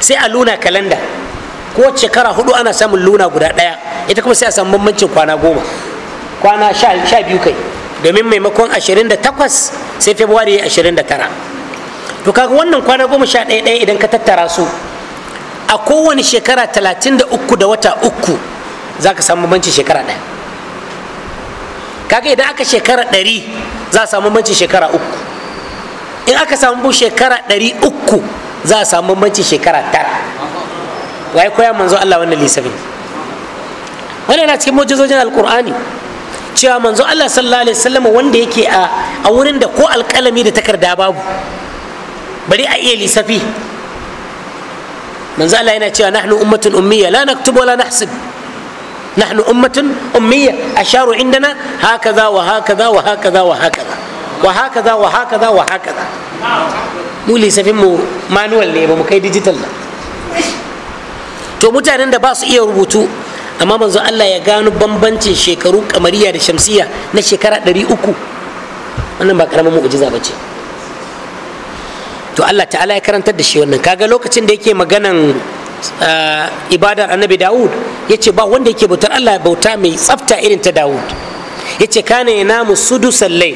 sai a luna kalanda kowace shekara hudu ana samun luna guda ɗaya ita kuma sai a samu bambancin kwana goma kwana sha biyu kai domin maimakon ashirin da takwas sai february ashirin da tara to kaga wannan kwana goma sha ɗaya ɗaya idan ka tattara su a kowane shekara talatin da uku da wata uku za ka samu bambancin shekara ɗaya kaga idan aka shekara ɗari za a samu bambancin shekara uku in aka samu shekara ɗari uku za a samu bambancin shekara tara waye koya manzo Allah wannan lissafin wannan yana cikin mujizojin alqur'ani cewa manzo Allah sallallahu alaihi wasallam wanda yake a wurin da ko alƙalami da takarda babu bari a iya lissafi manzo Allah yana cewa nahnu ummatun ummiya la naktubu wa la nahsib نحن أمة أمية الشعر عندنا هكذا وهكذا وهكذا وهكذا وهكذا وهكذا وهكذا mu lissafin mu manual ne ba mu kai digital na? to mutanen da ba su iya rubutu amma manzo Allah ya gano bambancin shekaru kamariya da shamsiya na shekara 300 wannan ba karamin mu'jiza ba ce to Allah ta'ala ya karantar da shi wannan kaga lokacin da yake maganan ibadar annabi Dawud ya ce ba wanda yake bautar Allah bauta mai tsafta irin ta Dawud ya ce kana ya namu yanamu sudusal layl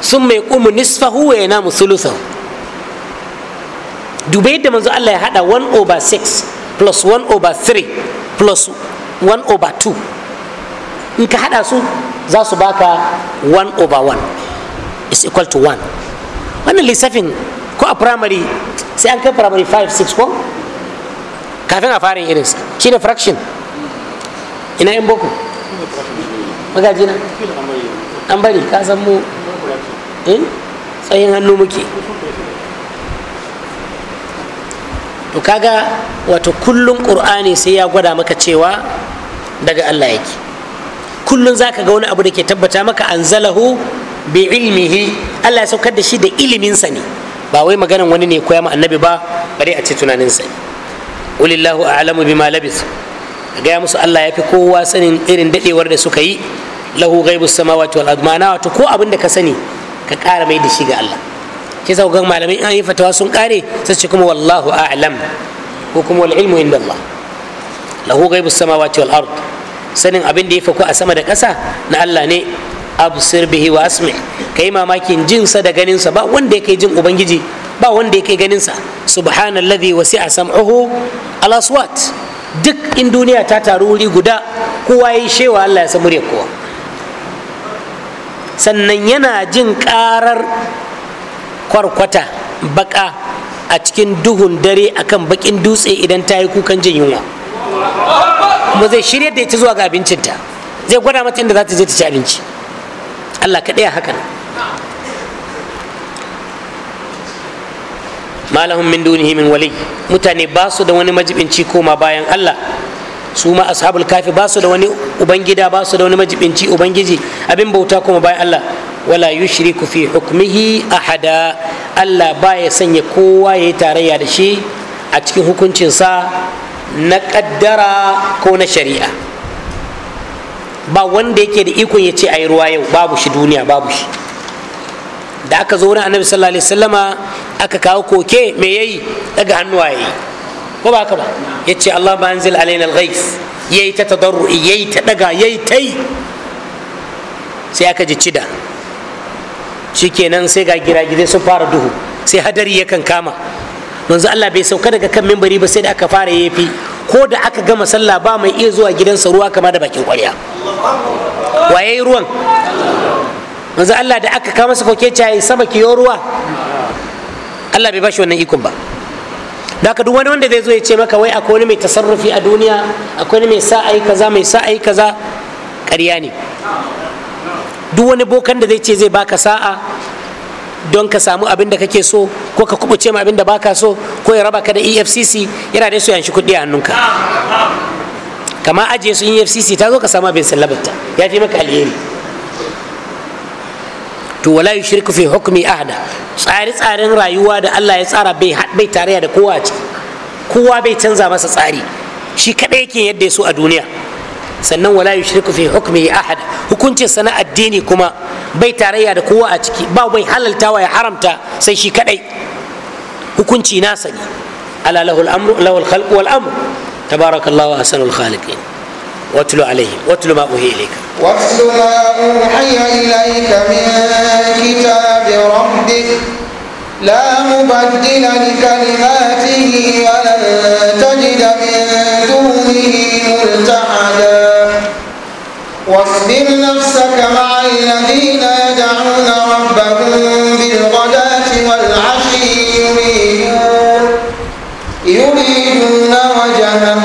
summa yaqumu nisfahu ya namu sulusan dubai da manzo Allah ya hada 1 over 6 plus 1 over 3 plus 1 over 2 in ka hada su za su baka 1 over 1 is equal to 1 wannan lissafin ko a primary sai an kai primary 5 6 ko kafin a fara shi ne fraction ina yin boko magaji an bari ka san mu in eh? tsayin hannu muke to kaga wato kullun qur'ani sai ya gwada maka cewa daga Allah yake kullun zaka ga wani abu da ke tabbata maka anzalahu bi ilmihi Allah ya saukar da shi da iliminsa ne ba wai maganan wani ne koya ma annabi ba bare a ce tunaninsa ne qulillahu a'lamu bima labis gaya musu Allah ya fi kowa sanin irin dadewar da suka yi lahu ghaibus samawati wal ard ma'ana wato ko abin da ka sani ka ƙara mai da shi ga Allah shi yasa ga malamai an yi fatawa sun kare sai ce kuma wallahu a'lam ko kuma wal ilmu inda Allah lahu ghaibus samawati wal ard sanin abin da ya faku a sama da ƙasa na Allah ne absir bihi wa asmi kai mamakin jin sa da ganin sa ba wanda ya kai jin ubangiji ba wanda ya kai ganinsa subhanallazi wasi'a sam'uhu ala aswat duk in duniya ta taru wuri guda kowa yayi shewa Allah ya san muryar kowa sannan yana jin karar kwarkwata baka a cikin duhun dare akan bakin dutse idan tayi kukan jin yunwa kuma zai shirya da ita zuwa ga abincinta zai gwada mata inda za ta je ta ci abinci Allah kaɗai hakan malahun min dunihi min wali mutane ba su da wani majibinci koma bayan Allah su ma ashabul kafi ba su da wani ubangida ba su da wani majibinci ubangiji abin bauta koma bayan Allah wala yushriku fi hukmihi ahada Allah ba ya sanya kowa ya yi tarayya da shi a cikin hukuncinsa na kaddara ko na shari'a ba wanda yake da ikon ya ce a yi ruwa yau babu shi duniya babu shi da aka zo wurin annabi sallallahu alaihi wasallama aka kawo koke me yayi daga hannuwaye ko ba ka ba yace Allah ba anzil alaina al yayi ta tadarru yayi ta daga yayi tai sai aka ji cida shikenan sai ga giragizai sun fara duhu sai hadari yakan kama manzo Allah bai sauka daga kan mimbari ba sai da aka fara yafi ko da aka gama sallah ba mai iya zuwa gidansa ruwa kama da bakin kwarya waye ruwan manzo Allah da aka kama masa koke cewa sama kiyo ruwa Allah bai bashi wannan ikon ba da duk wani wanda zai zo ya ce maka wai akwai wani mai tasarrufi a duniya akwai wani mai sa'ai kaza mai sa'ai kaza ƙarya ne duk wani bokan da zai ce zai baka sa'a don ka samu abin da kake so ko ka kubuce ma abin da baka so ko ya raba ka da efcc yana da su yanshi kuɗi a hannunka kama ajiye su efcc ta zo ka samu abin sallabarta ya fi maka alheri to wala yushriku fi hukmi ahada tsari tsarin rayuwa da Allah ya tsara bai bai tarayya da kowa ce kowa bai canza masa tsari shi kadai yake yadda ya so a duniya sannan wala yushriku fi hukmi ahada hukuncin sana addini kuma bai tarayya da kowa a ciki ba bai halaltawa ya haramta sai shi kadai hukunci nasa ne ala lahul amru lahul khalqu wal amru tabarakallahu ahsanul khaliqin واتل عليهم واتل ما أوحي إليك واتل ما أوحي إليك من كتاب ربك لا مبدل لكلماته ولن تجد من دونه ملتحدا واصبر نفسك مع الذين يدعون ربهم بالغداة والعشي يريدون يريدون وجهه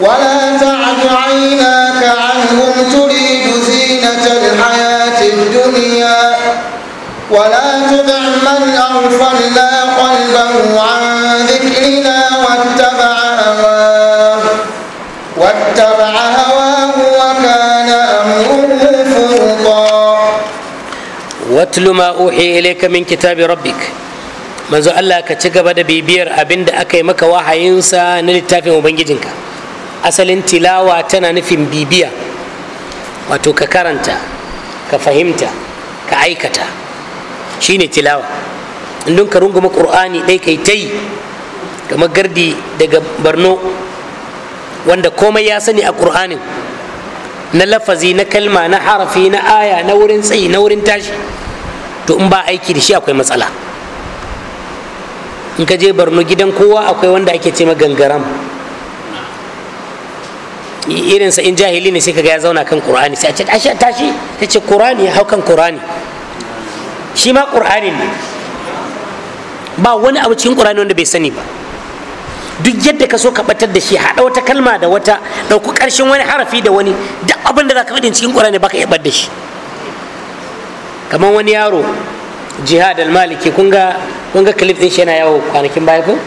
ولا ولا تدع من أغفلنا قلبه عن ذكرنا واتبع هواه واتبع هواه وكان أمره فرطا واتل ما أوحي إليك من كتاب ربك manzo Allah ka ci gaba da bibiyar abinda da aka yi maka wahayinsa na littafin ubangijinka asalin tilawa tana nufin bibiya wato ka karanta ka fahimta ka aikata shine tilawa in don ka runguma qur'ani dai kai tai kamar gardi daga barno wanda komai ya sani a qur'anin na lafazi na kalma na harafi na aya na wurin tsayi na wurin tashi to in ba aiki da shi akwai matsala in ka je barno gidan kowa akwai wanda ake ce gangaram irinsa in jahili ne sai ka ga ya zauna kan qur'ani sai a ce tashi ta ce qur'ani ya hau kan qur'ani shi ma ƙur'ani ne ba wani abu cikin ƙur'ani wanda bai sani ba duk yadda ka so ka batar da shi haɗa wata kalma da wata ɗauki ƙarshen wani harafi da wani duk abin da za ka faɗin cikin ƙur'ani ka iya da shi kamar wani yaro jihad al-maliki kun ga kun ga clip din shi yana yawo kwanakin baya kun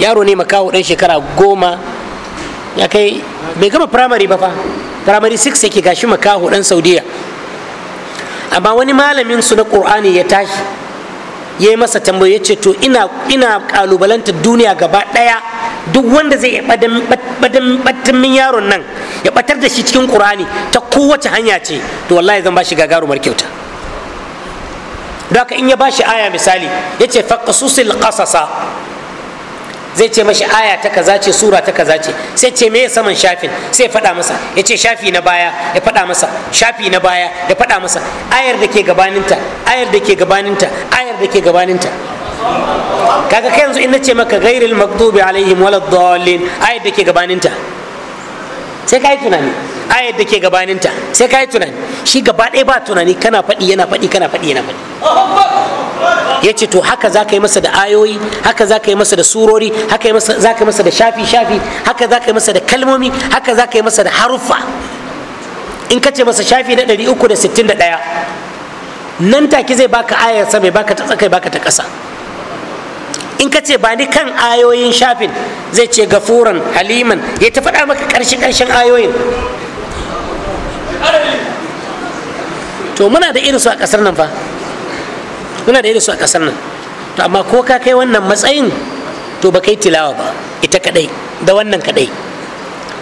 yaro ne makawo ɗan shekara goma ya kai bai gama primary ba fa primary 6 yake gashi makaho ɗan saudiya amma wani malamin su na qur'ani ya tashi ya yi masa tambayi ya ce to ina ina duniya gaba daya duk wanda zai badan min yaron nan ya batar da shi cikin qur'ani ta kowace hanya ce to wallahi zan ba shi gagarumar kyauta don in ya ba shi aya misali ya ce faqsusil qasasa zai ce mashi aya ta kaza ce sura ta kaza ce sai ce me saman shafin sai faɗa masa ya ce shafi na baya ya faɗa masa shafi na baya ya faɗa masa ayar da ke gabaninta ayar da ke gabaninta ayar da ke gabaninta kaga kai yanzu in na ce maka ghairil maghdubi alaihim waladdallin ayar da ke gabaninta sai ka yi tunani ayar da ke gabaninta sai ka yi tunani shi gaba ɗaya ba tunani kana faɗi yana faɗi kana faɗi yana faɗi ya ce to haka za ka yi masa da ayoyi haka za ka yi masa da surori haka za ka yi masa da shafi shafi haka za ka yi masa da kalmomi haka za ka yi masa da haruffa in ka ce masa shafi na ɗari uku da sittin da ɗaya nan take zai baka ayar sa mai baka ta tsakai baka ta ƙasa in ka ce ba ni kan ayoyin shafin zai ce gafuran haliman ya ta faɗa maka ƙarshen ƙarshen ayoyin to muna da irinsu a kasar nan fa muna da irinsu a kasar nan to amma ko ka kai wannan matsayin to ba kai tilawa ba ita kadai da wannan kadai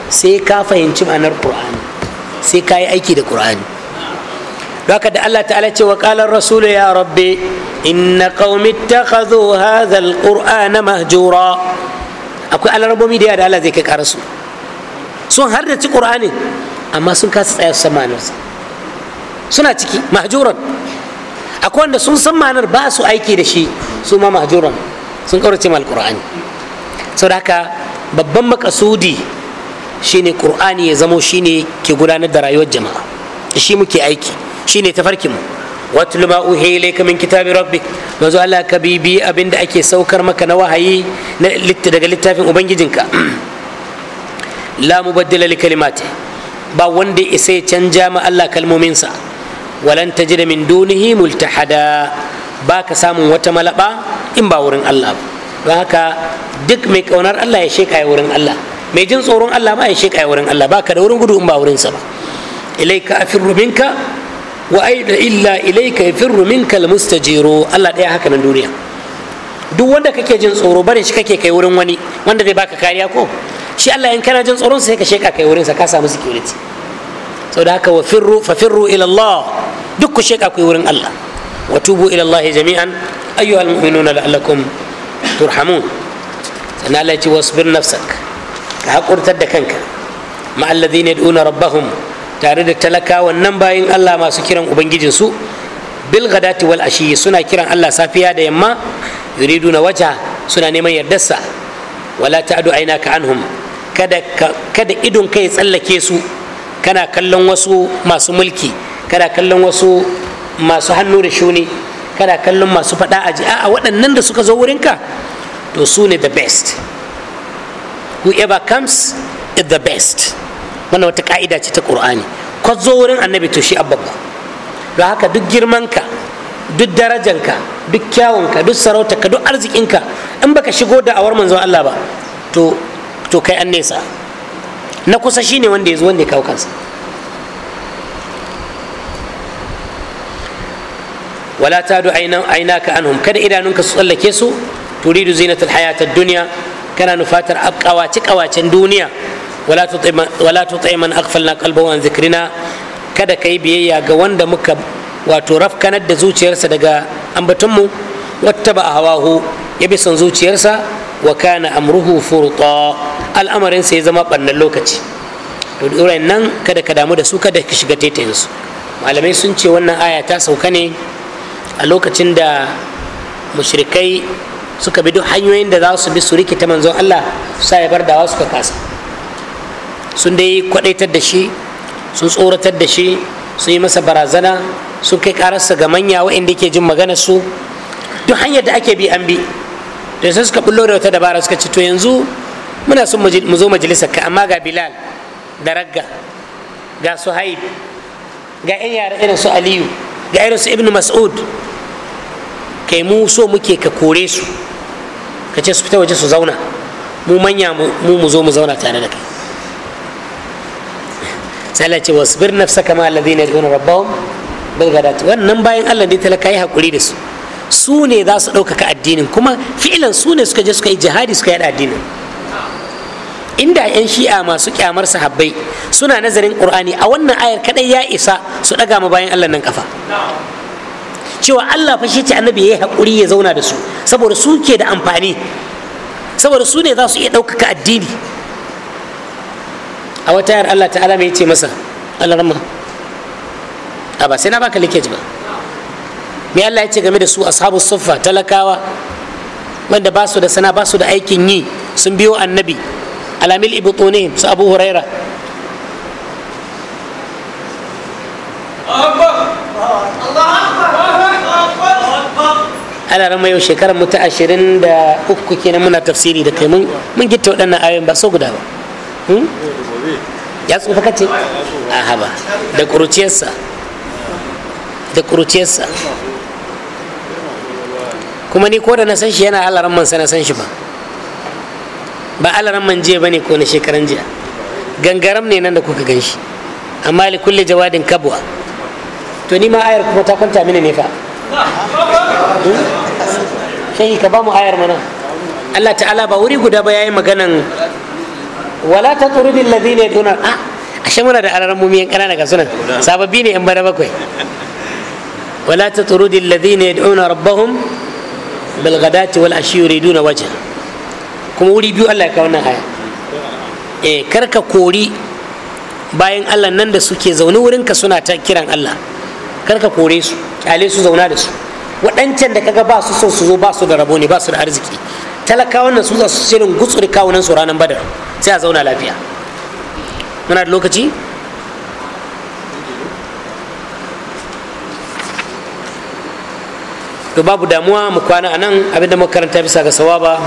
sai ka fahimci ma'anar qur'ani sai ka yi aiki da qur'ani haka da Allah ta'ala ce wa qala rasul ya rabbi inna qaumi ittakhadhu hadha alqur'ana mahjura akwai alarbomi da ya da Allah zai kai karasu sun har da ci qur'ani amma sun kasa tsaya su san ma'anarsa suna ciki mahjuran akwai wanda sun san ma'anar ba su aiki da shi su ma mahjuran sun kaurace ma alqur'ani saboda haka babban makasudi shine qur'ani ya zamo shine ke gudanar da rayuwar jama'a shi muke aiki shine tafarkin mu watlu ma uhiya ilayka min kitabi rabbik manzo Allah ka bibi abinda ake saukar maka na wahayi daga littafin ubangijinka la mubaddila li kalimati ba wanda isa ya canja ma Allah kalmominsa walan tajida min dunihi multahada ba ka samun wata malaba in ba wurin Allah ba. don haka duk mai kaunar Allah ya sheka ya wurin Allah mai jin tsoron Allah ma ya sheka ya wurin Allah ba ka da wurin gudu in ba wurinsa ba ilaika afirru minka wa aida illa ilaika yafirru minka almustajiru Allah daya haka nan duniya duk wanda kake jin tsoro barin shi kake kai wurin wani wanda zai baka kariya ko shi Allah in kana jin tsoron sai ka sheka kai wurin sa ka samu security da haka wa firru fa firru ila Allah duk ku sheka kai wurin Allah wa tubu ila Allah jami'an ayyuhal mu'minuna la'allakum turhamun sannan Allah ya ce wasbir nafsak ka hakurtar da kanka ma alladhina yad'una rabbahum tare da talakawan nan bayin Allah masu kiran ubangijinsu bil gadati wal ashi suna kiran Allah safiya da yamma yuriduna waja suna neman yardarsa wala ka an hum. kada kada idon kai tsallake su kana kallon wasu masu mulki kana kallon wasu masu hannu da shuni kana kallon masu faɗa a ji a waɗannan da suka zo wurinka to su ne the best whoever comes is the best wannan wata ka'ida ce ta ƙur'ani ka zo wurin annabi to shi ababba don haka duk girmanka duk darajanka duk kyawunka duk sarauta ka duk arzikinka in baka shigo da awar manzon Allah ba to to kai an nesa na kusa shine wanda ya zo wanda ya kawo kansa wala ta du ka anhum kada idanunka su tsallake su turidu zinatul hayatad dunya kana nufatar kawace kawacen duniya wala tuti man aghfalna qalbahu an zikrina kada kai biyayya ga wanda muka wato rafkanar da zuciyarsa daga ambatunmu wattaba hawahu ya bi son zuciyarsa wa kana amruhu furqa al'amarin sai zama bannan lokaci to duran nan kada ka damu da su kada ka shiga taitayin su malamai sun ce wannan aya ta sauka ne a lokacin da mushrikai suka bi duk hanyoyin da za su bi su rikita manzon Allah sa ya bar dawa suka kasa sun dai kwadaitar da shi sun tsoratar da shi sun yi masa barazana sun kai kararsa ga manya waɗanda ke jin magana su duk hanyar da ake bi an bi da sai suka bullo da wata dabara suka ce to yanzu muna son mu zo majalisar ka amma ga bilal da ragga ga suhaib ga yan yara irin su aliyu ga irin su ibn mas'ud kai mu so muke ka kore su ka ce su fita waje su zauna mu manya mu mu zo mu zauna tare da kai sai Allah ce wasbir nafsaka ma alladhina yad'una rabbahum bil ghadati wannan bayan Allah ne talaka yi hakuri da su su ne za su ɗaukaka addinin kuma fi'ilan su ne suka je suka yi jihadi suka yada addinin inda 'yan shi'a masu kyamar sahabbai suna nazarin qur'ani a wannan ayar kadai ya isa su ɗaga ma bayan allah nan kafa cewa allah fa shi ce annabi yayi hakuri ya zauna da su saboda su ke da amfani saboda su ne za su iya ɗaukaka addini a wata yar allah ta'ala mai ce masa allah rama a ba sai na baka likeji ba me Allah ya ce game da su ashabu suffa talakawa wanda ba su da sana ba su da aikin yi sun biyo annabi alamil ibtunihim su abu huraira ana rama yau shekarar mu ta ashirin da uku kenan muna tafsiri da kai mun gitta waɗannan ayoyin ba so guda ba hmm? ya tsufa kace a haba da ƙuruciyarsa da ƙuruciyarsa kuma ni ko da na san shi yana ran man na san shi ba ba alaran man jiya bane ko na shekaran jiya gangaram ne nan da kuka gan shi amma li kulli jawadin kabwa to ni ma ayar kuma ta kwanta mini ne fa hmm? shehi ka ba mu ayar mana Allah ta'ala ba wuri guda ba yayi maganan wala tatrudil ladina yaduna ah ashe muna da alaran mumiyan kanana ga sunan sababbi ne in bana bakwai wala tatrudil ladina yad'una rabbahum bilgadati wal ashi yuriduna wajha kuma wuri biyu Allah ya kawo wannan haya eh karka kori bayan Allah nan da suke zaune wurin ka suna ta kiran Allah karka kore su kyale su zauna da su waɗancan da kaga ba su so su zo ba su da rabo ne ba su da arziki talakawan nan su za su shirin gutsuri kawunan su ranar badar sai a zauna lafiya muna da lokaci to babu damuwa mu kwana a nan abinda muka karanta bisa ga sawaba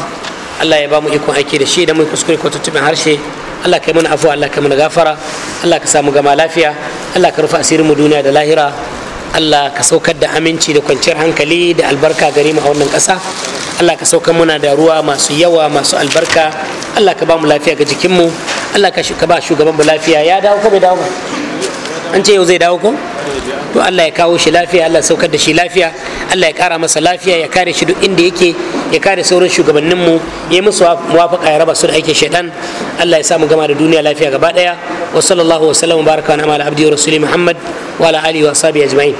allah ya ba mu ikon aiki da shi idan mu kuskure ko tuttuɓin harshe allah kai mana afuwa allah kai mana gafara allah ka samu gama lafiya allah ka rufe asirin mu duniya da lahira allah ka saukar da aminci da kwanciyar hankali da albarka gare mu a wannan ƙasa allah ka saukar muna da ruwa masu yawa masu albarka allah ka ba mu lafiya ga jikinmu allah ka ba shugaban mu lafiya ya dawo ko bai dawo ba an ce yau zai dawo ko to Allah ya kawo shi lafiya Allah saukar da shi lafiya Allah ya kara masa lafiya ya kare shi duk inda yake ya kare sauran shugabannin mu ya yi musu muwafaka ya raba su da aikin shaitan Allah ya sa mu gama da duniya lafiya gaba daya wa sallallahu wa sallam baraka ala abdi wa rasuli muhammad wa ala alihi wa ajma'in